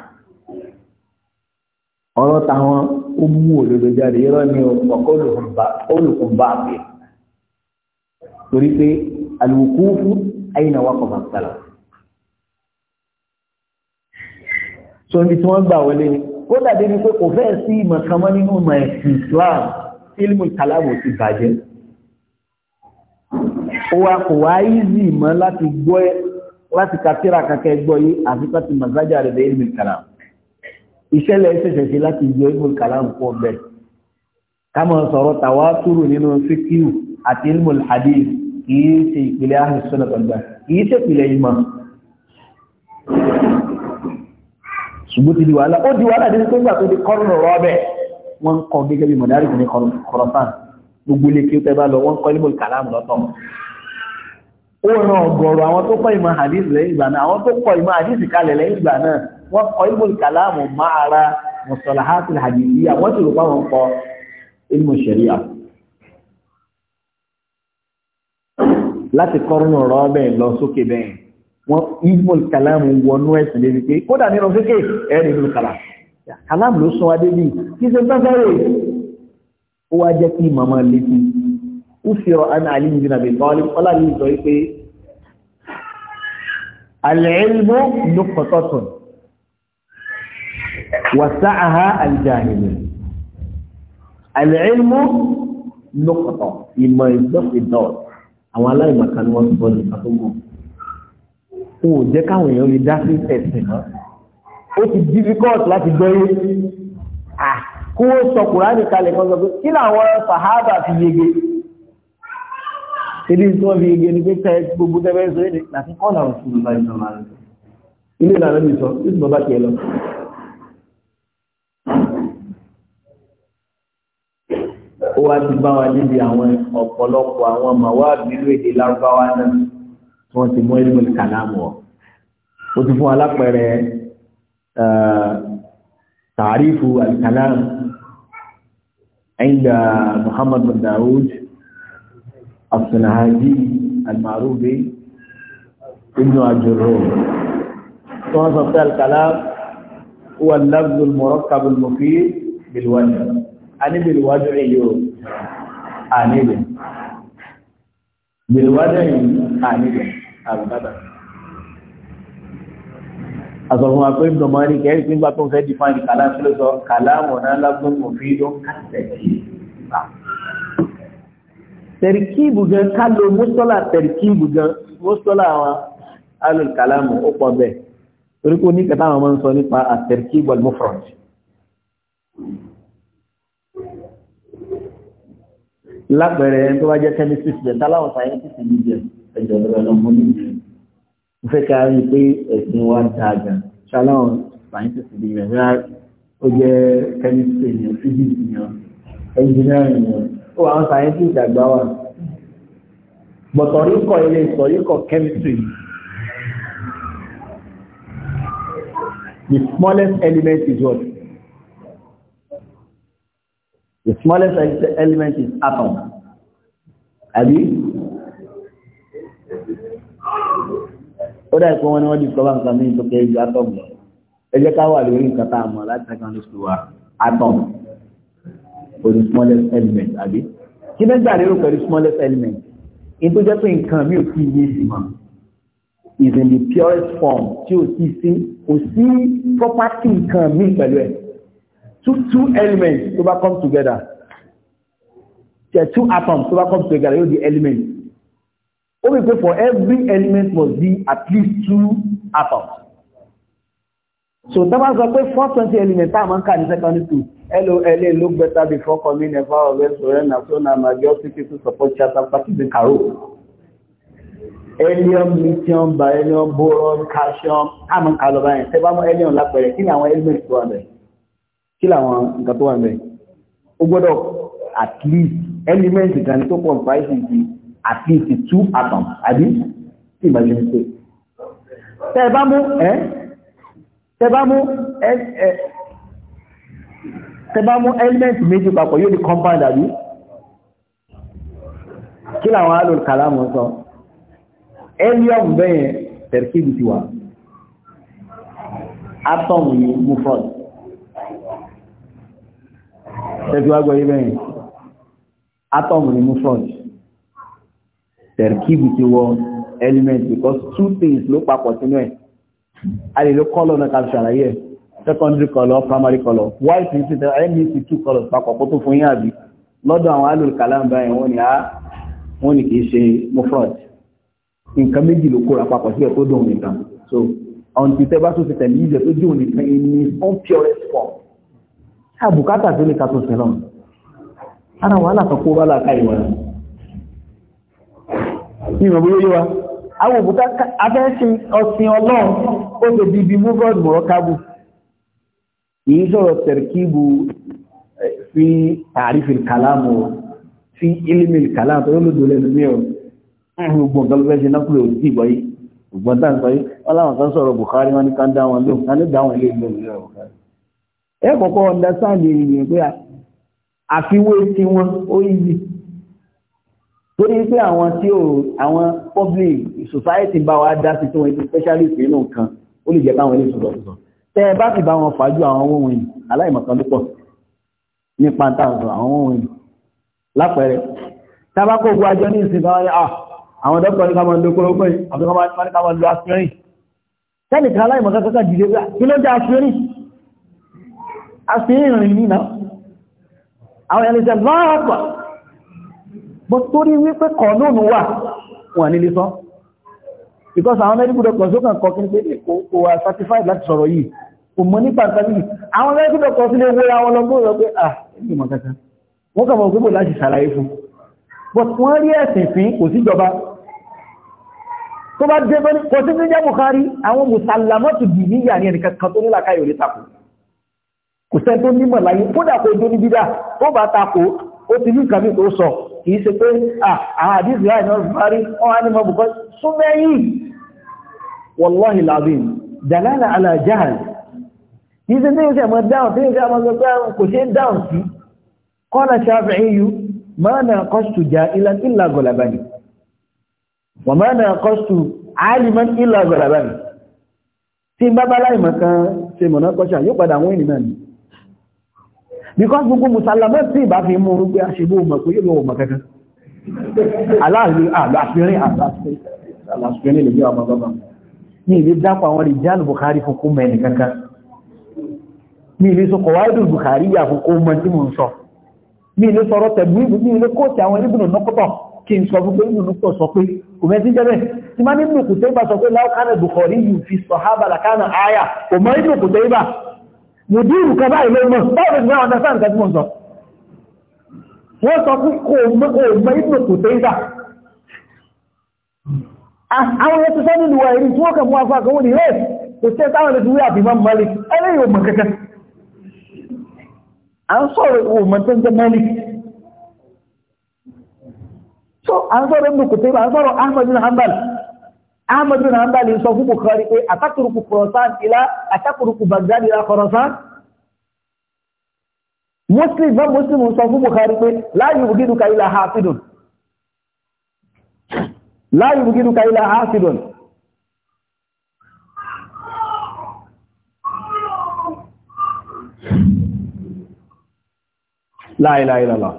ọ̀rọ̀ táwọn ó mú òdodo jáde irọ́ ni ọ̀kọ́ olùkùn bá pè torí pé alwukufu ayna waqafa sálà so ibi tí wọ́n gbà wọlé ni ó dàbí ni pé kò fẹ́ẹ̀ sí ìmọ̀ kan mọ́ nínú ìmọ̀ ẹ̀sìn Islam ilmu kalamu ti bàjẹ́ ó wá kò wá ìzì mọ́ láti gbọ́ ẹ láti kàtírà kankan gbọ́ yìí àti láti màsájà rẹ̀ bẹ́ẹ̀ ìlú kalam ìṣẹ̀lẹ̀ ṣẹ̀ṣẹ̀ ṣe láti yọ ìlú kalam pọ̀ bẹ́ẹ̀ ká mọ̀ sọ̀rọ̀ tàwátúrù nínú fíkíù àti ilmù hadith kìí ṣe ìpìlẹ̀ ahùsùn lọ́tọ̀ ó ran ọ̀gọ̀rọ̀ àwọn tó kọ́ ìmọ̀ hadith lẹ́yìn ìgbà náà àwọn tó kọ́ ìmọ̀ hadith kalẹ̀ lẹ́yìn ìgbà náà wọ́n kọ́ ìmọ̀ kàlámù máa ra mustalahat al-hadithiyya àwọn tó rò pa wọn kọ́ ìmọ̀ sharia. láti kọ́rùnù ọ̀rọ̀ bẹ́ẹ̀ lọ sókè bẹ́ẹ̀ wọ́n ìmọ̀ kàlámù wọnú ẹ̀sìn lébi pé kódà nínú sókè ẹ̀rìn ìmọ̀ kàlámù kàlámù ló sún adé bíi kí ṣe أثر عن علي بن أبي طالب قال لي طريق العلم نقطة وسعها الجاهل العلم نقطة إما يصدق الدور àwọn aláìmọ̀kan ni wọ́n ti bọ́ọ̀lù àtúgbò kò jẹ́ káwọn èèyàn lè dá sí ẹ̀sìn náà ó ti difficult láti gbọ́yé kó sọ kalẹ̀ kan sọ pé kí làwọn sàhábà fi yege Ebi tí wọ́n fi ege ni pé tẹ́ gbogbo tẹ́fẹ́ sọ èdè láti kọ́nà ọ̀sùn lọ́la ìṣọ́ máa ń sọ. Ilé ìlànà mi sọ, yóò sì bọ́bá tiẹ̀ lọ. Ó wá ti bá wa níbi àwọn ọ̀pọ̀lọpọ̀ àwọn màwá àbílú èdè عند محمد بن داود àfẹnàájì àmàrúbẹ inú àjòrò tó wọ́n sọ pé alkàlá wà lábùl mọ̀rọ̀ kàbùl mọ̀fí bilwájú a ní bilwájú rẹ̀ yóò a níbẹ̀ bilwájú yìí a níbẹ̀ àbúkátà àsọ̀fún wa pé ìdọ̀mọ́rí kẹ́rì pín gbà tó fẹ́ dìfáàní kàlá sílẹ̀ sọ kàlá mọ̀ná lábùl mọ̀fí ló kàtẹ̀ tẹ̀ríkìbù gan ká lo mọ́sọ́là tẹ̀ríkìbù gan mọ́sọ́là àwọn alùkàlámù ó pọ̀ bẹ́ẹ̀ torí kó ní kẹta àwọn ọmọ ń sọ nípa àtẹ̀ríkìbù al-mufrad lápẹẹrẹ tó bá jẹ́ chemistry student aláwọ̀ sáyẹ́ntìsì ní jẹ́ ẹ̀jọ̀ ọ̀rọ̀ ọmọ ní jẹ́ mo fẹ́ ká rí pé ẹ̀sìn wa dáa gan ṣáláwọ̀ sáyẹ́ntìsì ní jẹ́ ó jẹ́ chemistry ní physics ní engineering ní ó àwọn scientist àgbà wa bọ̀tọ̀rí kọ ilé ìsọ̀rí kọ chemistry the smallest element is what the smallest element is atom àbí ó dá ìpọ́n wọn ni wọ́n discover nǹkan mí tó kéré ju atom lọ ẹ jẹ́ ká wà lórí nǹkan tá a mọ̀ láti secondary school wa atom. For the smallest element Abi. kí ló ń gbà lérò pẹ̀lú smallest element in tó jẹ́ pé nǹkan mi ò fi yé sí mọ́ is in the purest form tí o ti sí kò sí property nǹkan mi pẹ̀lú ẹ̀ two two elements tó bá come together the two atoms tó bá come together yóò di element ó wí pé for every element must be at least two atoms so tó bá sọ pé 420 element tá máa ń kà ní secondary school LOLA look better before coming ever always surrender so na majority to support charter party the caro helium lithium beryllium boron calcium àmọ́ kà lọ báyìí tẹ́ bá mọ̀ helium lápẹẹrẹ kí ni àwọn element tó wà bẹ̀ kí làwọn nǹkan tó wà bẹ̀ ó gbọ́dọ̀ at least element kan tó comprise ti at least two atoms àbí tí ìbájú ń pè tẹ́ bá mú ẹ́ tẹbámú element méjì papọ̀ yóò di compound àbí kí làwọn alòkàlámù sọ helium bẹ́yẹn tẹ̀rkìbì ti wà atom yìí mú fọ́d tẹ́fíwágbọ́ yìí bẹ́yẹn atom yìí mú fọ́d tẹ̀rkìbì ti wọ element because two things ló papọ̀ sínú ẹ̀ a lè lo kọ́lọ̀ náà ká ṣàlàyé ẹ̀ secondary color primary color white ní títẹ̀ mec two colors papọ̀ kó tó fún yín àbí lọ́dọ̀ àwọn alùkàlàmbà ẹ̀ wọ́n ni a ah, wọ́n ni kìí ṣe mufrod nǹkan méjì ló kóra papọ̀ síbẹ̀ tó dùn nìkan so ọ̀n ti tẹ́ bá tó ti tẹ̀lé ìjẹ́ tó dùn nìkan ní on purest form àbùkátà tó lè ka tó sẹ́lọ̀ ara wàhálà kan kó wàhálà ká ìwà ní ìmọ̀ bóyá yóò wa àwọn òbúta afẹ́ sin ọ̀sìn ọlọ́run ó ti di ibi mufrod mọ̀rọ́kábù kìí sọ̀rọ̀ tẹ̀rkíbù fi tààrífì kàlámù fi ilmi kàlámù tó lódò lẹ́nu ní ọ̀ gbogbo nǹkan lọ́fẹ́ ṣe nákùlẹ̀ òtí ìgbọ́ yìí gbogbo tá à ń sọ yìí wọ́n láwọn kan sọ̀rọ̀ Bukhari wọn ní ká ń dá wọn lóhùn ká ní dá wọn ilé ìlú ìlú Bukhari ẹ kọ̀kọ́ understand ènìyàn pé àfiwé tí wọn ó yí torí pé àwọn tí àwọn public society bá wa dá sí tí wọn ti specialist nínú nǹkan ó lè jẹ́ káwọn ilé ìṣòro ọ̀sán tẹ́ ẹ bá ti bá wọn fàájú àwọn ohun ìní aláìmọ̀kan ló pọ̀ nípa táàzọ̀ àwọn ohun ìní lápẹẹrẹ tábàkó ogun ajọ ní ìsìn báwọn ní àwọn dókítà ní káwọn lo kóró pẹ́yì àti káwọn lo aspirin tẹ́lẹ̀ kan aláìmọ̀kan kankan dìde pé kí ló jẹ́ aspirin aspirin rìn ní àwọn ẹni sẹ́ lọ́ọ̀pọ̀ bó torí wípé kọ̀ọ̀nù wà wọn ní lè sọ́ọ́ because àwọn medical doctors ó kàn kọ́ kí n pé kò wà certified láti sọ̀rọ̀ yìí kò mọ̀ nípa nǹkan yìí àwọn medical doctors lè wé àwọn ọlọ́gbọ́n rẹ̀ pé ah èmi mọ̀ kankan wọ́n kàn mọ̀ pé kò láti ṣàlàyé fún but wọ́n rí ẹ̀sìn fín kò sí ìjọba tó bá dé bẹ́ẹ̀ kò sí níjẹ́ Bukhari àwọn mùsàlámọ́tù dì níyà ní ẹnìkan kan tó nílà káyọ̀ lè takò kò sẹ́ni tó nímọ̀ láyé kódà kò dé níbi dá tó bá takò ó ti ní nǹkan tó sọ kìí ṣe pé àwọn àdíṣì àìyàn fari wọ́n á ní mọ́ bùkọ́ súnmẹ́yìn wallahi alazim dalala ala jahl kìí ṣe tíyẹ̀ mọ́ dáhùn tíyẹ̀ sí àmọ́ pé kò ṣe dáhùn sí qala shafi'iyu ma naqastu jahilan illa ghalabani wa ma naqastu aliman illa ghalabani tí bábá láìmọ̀ kan ṣe mọ̀nà kọ́ṣà yóò padà wọ́n ènìyàn because gbogbo musalama tí ìbá fi mú orúgbé aṣègbó ọmọ pé yóò lọ́wọ́ mọ̀kẹ́kẹ́ aláàrí àgbàfẹ́rin àgbàfẹ́rin lè bí ọmọ bàbá ní ilé dápọ̀ àwọn rijal Bukhari fún kó mẹ́rin kankan ní kí n sọ gbogbo ìbùnú nọ́kọ̀tọ̀ sọ pé kò mẹ́ sí jẹ́bẹ̀ tí má nínú kùtẹ́ ìbá sọ pé láwọ́ kánà Bukhari yìí fi sọ̀hábà làkánà áyà kò mọ́ ìbùnú kùtẹ́ mùdírù kan báyìí ló mọ̀ báwo ni wọ́n ọ̀dọ́sán nǹkan tí mo sọ wọ́n sọ fún kò mọ ìbùnú kò tẹ́ ìgbà àwọn ẹ̀sùn sọ nínú ẹ̀rí tí wọ́n kàn mú afọ àkọwọ́ ní rẹ́ẹ̀sì kò tẹ́ táwọn ẹ̀sùn wí àbí máa Malik ẹlẹ́yìn òmò kankan à ń sọ̀rọ̀ òmò tó ń jẹ́ Malik so à ń sọ̀rọ̀ ìbùnú kò tẹ́ ìgbà à ń sọ̀rọ̀ Ahmad bin Hanbal Ahmad bin Hanbal sọ fún Bukhari pé àtàkùrùkù Khorasan ilá àtàkùrùkù Baghdad ilá Khorasan. Muslim bá Muslim sọ fún Bukhari pé láàyè bùgídù ka ilá Hafidun. Láàyè bùgídù ka ilá Hafidun. La ilaha illallah.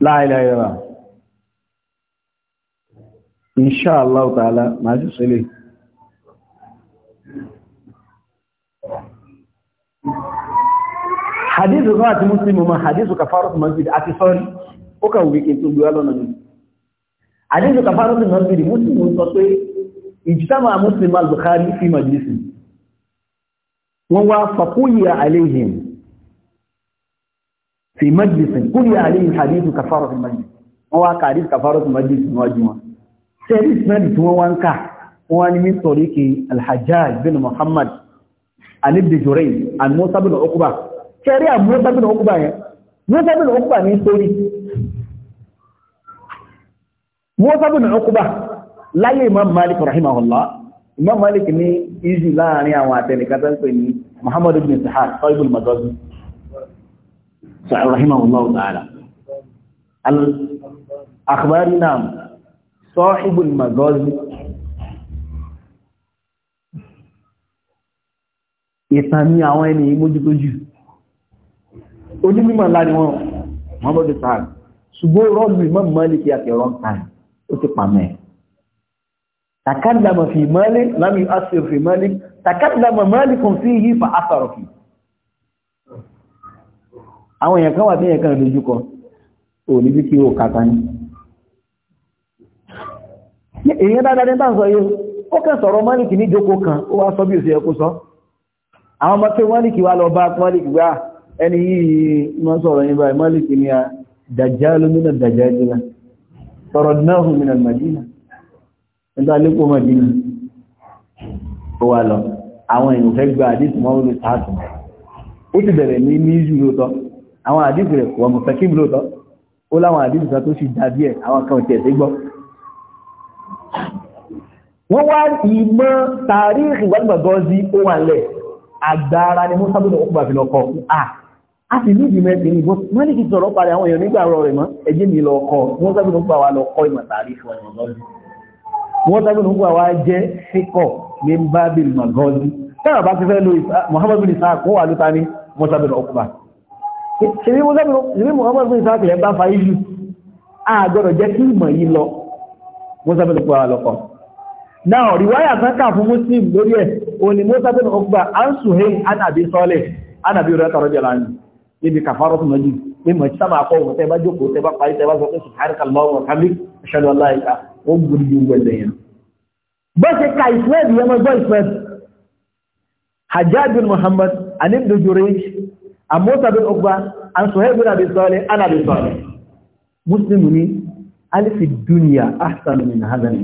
La ilaha illallah inṣáàlá ta'ala máa jù sílẹ̀ hadithu kan àti muslimu ma hadithu kafaratu masjid àti sọ́rí ó kà wíkẹ̀ tó gbé lọ́nà ní hadithu kafaratu masjid muslimu sọ pé ìjítàmà muslim al-bukhari fi majlisi wọ́n wá fàkúyà aléhìn fi majlisi kúyà aléhìn hadithu kafaratu masjid wọ́n wá ka hadithu kafaratu masjid níwájú wọn sẹ́rí ìsìnàdì tí wọ́n wá ń ká wọ́n ni mí sọ̀rí kí alhajjaj bin muhammad alibdijorai al-musabin okuba sẹ́rí al-musabin okuba yẹn musabin okuba ní sórí musabin okuba láyé imam malik rahimahullah imam malik ní izu láàrin àwọn àtẹnikátà ń pè ní muhammad ibn sahar sahibul mazazi rahimahullah ta'ala al-akhbari naam sahibul magazi ìtàn ni àwọn ẹni mójútójú onímọ̀ ńlá ni wọ́n wọ́n bọ́dọ̀ sáà ṣùgbọ́n rọ́ọ̀lù Imam Malik àti ẹ̀rọ ń ta ó ti pàmẹ́ ẹ̀ تكلم في مال لم يؤثر في مالك تكلم مالك فيه فأثر فيه àwọn èèyàn kan wà tí èèyàn kan lójú kan ò níbi kí èyàn dáadáa ní tàà sọ yóò ó kẹ́ sọ̀rọ̀ mọ́lìkì ní jókòó kan ó wá sọ bí òsì ẹkú sọ àwọn ọmọ pé mọ́lìkì wá lọ bá mọ́lìkì gbá ẹni yìí mọ́ sọ̀rọ̀ yìí báyìí mọ́lìkì ni a dàjálù mínà dàjálìlá sọ̀rọ̀ náà mínà màdínà nígbà lépò màdínà ó wá lọ àwọn èèyàn fẹ́ gba àdìsí mọ́ wọlé tààtù ó ti bẹ̀rẹ̀ ní ní ìṣù lóòótọ́ àwọn àdìsí rẹ̀ wọ́n mọ̀ fẹ́ kí lóòótọ́ wọ́n wá ìmọ̀ tàríìkì gbàgbàgbọ́sí ó wà lẹ̀ àgbára ni musa bínú ọkùnbà fi lọ́kọ́ a ti ní ìdí mẹ́rin ní wọ́n ní kí sọ̀rọ̀ parí àwọn èèyàn nígbà rọrẹ̀ mọ́ ẹjẹ́ mi lọ kọ́ wọ́n sábẹ́ ló ń gbà wá lọ kọ́ ìmọ̀ tàríìkì gbàgbàgbọ́sí wọ́n sábẹ́ wà ló náà ríwáyà tán kà fún muslim lórí ẹ̀ òní musa bin ọgbà an suhail an abi sọ́lẹ̀ an abi rẹ̀ tọrọ jẹ́ láàrin níbi kàfàrọ̀ tún mọ́jú pé mọ̀ sábà akọ́ òun tẹ́bá jókòó tẹ́bá parí tẹ́bá sọ pé subhanaka allahumma hamdik ashhadu an la ilaha ó gbùrù ju gbẹ̀lẹ̀ yẹn bọ́ ṣe ka ìsúwẹ́ẹ̀dì yẹn mọ́ gbọ́ ìsúwẹ́ẹ̀dì hajjaj muhammad anib dujurej an musa bin ọgbà an suhail bin abi sọ́lẹ̀ an abi muslim ni alifi duniya ahsanu min hadha al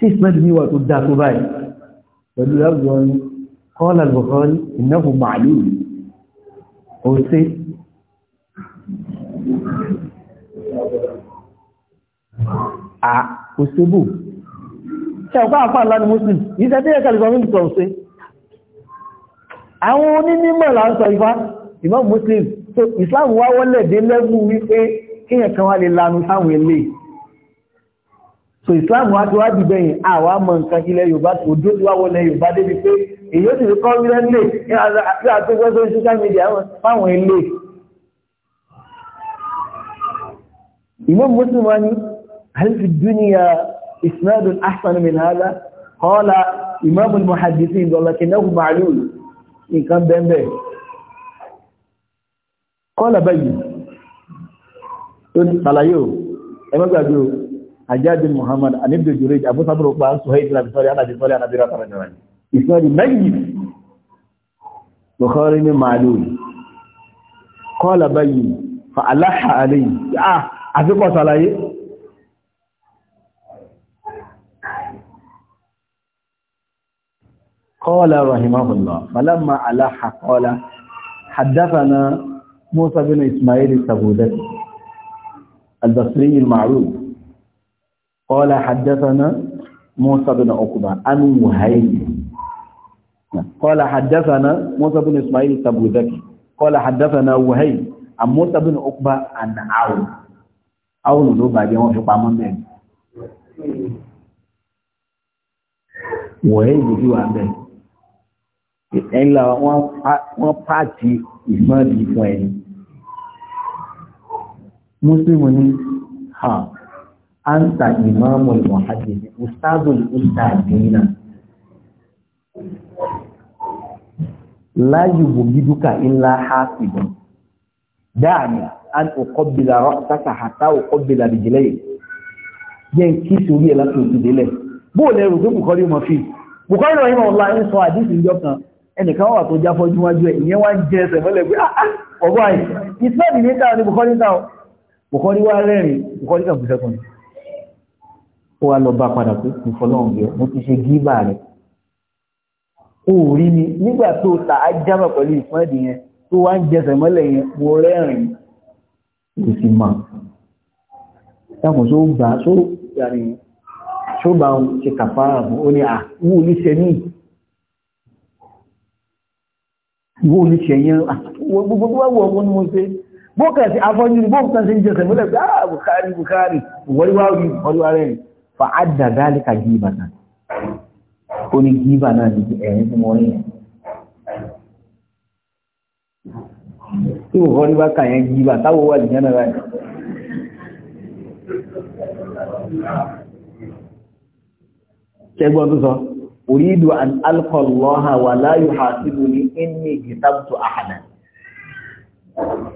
tí ìsìnàdì níwà tó dá tó báyìí pẹ̀lú láwùjọrin kọ́lá al-Bukhari innahu ma'lum òsè à òsè bù ṣe ọ̀pá àfà ńlá ni muslim ìṣẹ́ tí ẹ̀kà lùsọ̀rọ̀ ìṣọ̀ òsè àwọn onímọ̀ là ń ìmọ̀ muslim so islam wá wọ́lẹ̀ dé lẹ́gbù wípé kíyàn kan wá lè lanu sáwọn eléyìí so islam wá ti wá di bẹ́yìn àwa mọ̀ nǹkan ilẹ̀ yorùbá òjò ti wá wọlé yorùbá débi pé èyí ó sì fi kọ́ ilẹ̀ lè ní àtúgbẹ́ sórí social media fáwọn ilé imam muslim wá ní halifu duniya isnadun ahsan min hada qala imam al-muhaddisin dọ̀lọ́kinahu ma'lul nǹkan bẹ́ẹ̀ qala báyìí tó ní Hajjaj bin Muhammad and Ibn Jurayj Abu Sabr Uqba Suhaib bin Abi Salih and Abi Salih and Abi Rata Rajawani. It's not the Mayyid. Bukhari ni Ma'lul. Qala Bayyin. Fa'alaha alayhi. Ah, àfikọ́ ṣàlàyé. Qala rahimahullah. Falamma alaha qala. Haddathana Musa bin Ismail Sabudati. البصري المعروف قال حدثنا موسى بن عقبة عن وهيب قال حدثنا موسى بن إسماعيل التبوذكي قال حدثنا وهيب عن موسى بن عقبة عن عون عون لو بعد يوم في قام من وهيب في وعند إلا وان pàtì ìfọ́n di fún ẹni. ها anta imamul muhaddis ustazul ustadina láyé bògidúkà ńlá hásìbọn dáàmì an òkọ́bìlà rọ́ọ̀tàkà àtà òkọ́bìlà rìjìlẹ̀ yìí jẹ́ kí sórí ẹ̀ láti òkú délẹ̀ bóò lẹ́rù pé bùkọ́rí mọ̀ fi bùkọ́rí rọ̀ ìmọ̀ ọ̀la ń sọ àdísì ìjọ kan ẹnìkan wà tó já fọ́jú wájú ẹ̀ ìyẹn wá ń jẹ ẹsẹ̀ mọ́lẹ̀ pé ọ̀bọ̀ àìsàn ìsọ́ọ̀dì ní táwọn ní bùkọ́rí táwọn bùkọ́rí wá rẹ́rìn bùkọ́rí kàn fún sẹ́kùnrin ó wá lọ bá padà pé kò fọlọ́run bí ọ mo ti ṣe gíbà rẹ ó rí mi nígbà tó ta ajábà pẹ̀lú ìpọ́ndì yẹn tó wá ń jẹsẹ̀ mọ́lẹ̀ yẹn mo rẹ́rìn kò sì mọ̀ dákun tó gbà tó yàrá tó bá ń ṣe kàfàrà fún ó ní à wú oníṣẹ́ ní ìwọ oníṣẹ́ yẹn gbogbo wọ́n wọ́n ni mo ṣe bókà sí afọ́jú ni bókà sí ń jẹsẹ̀ mọ́lẹ̀ pé ah Bukhari Bukhari wọ́n wá rí ọdún ara ẹ̀ fa adda dálíkà gíbà náà ó ní gíbà náà ní ẹ̀rín tí mo rí yẹn tí mo kọ́ ní bá kà yẹn gíbà táwọn wà nìyẹn náà báyìí ṣẹ́gbọ́n tó sọ orídù an alkọlọ́ha wà láyò hasibu ní inni ìtàbùtù àhàdà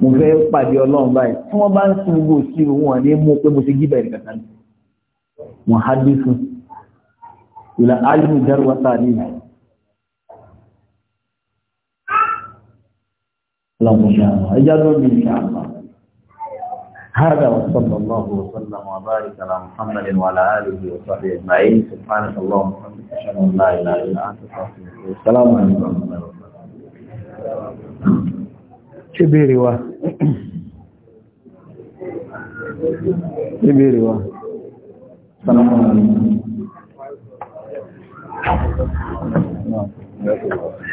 mo fẹ́ pàdé ọlọ́run báyìí tí wọ́n bá ń sin gbogbo òṣìrò wọn ní mú pé mo ti gíbà ìrìnkàtà ní muhaddisu ila alimi darwa tarihi اللهم اجعلنا ان شاء الله هذا وصلى الله وسلم وبارك على محمد وعلى اله وصحبه اجمعين سبحانك اللهم وبحمدك اشهد ان لا اله الا انت استغفرك السلام عليكم ورحمه الله وبركاته ṣébèrè wa ṣébèrè wa السلام عليكم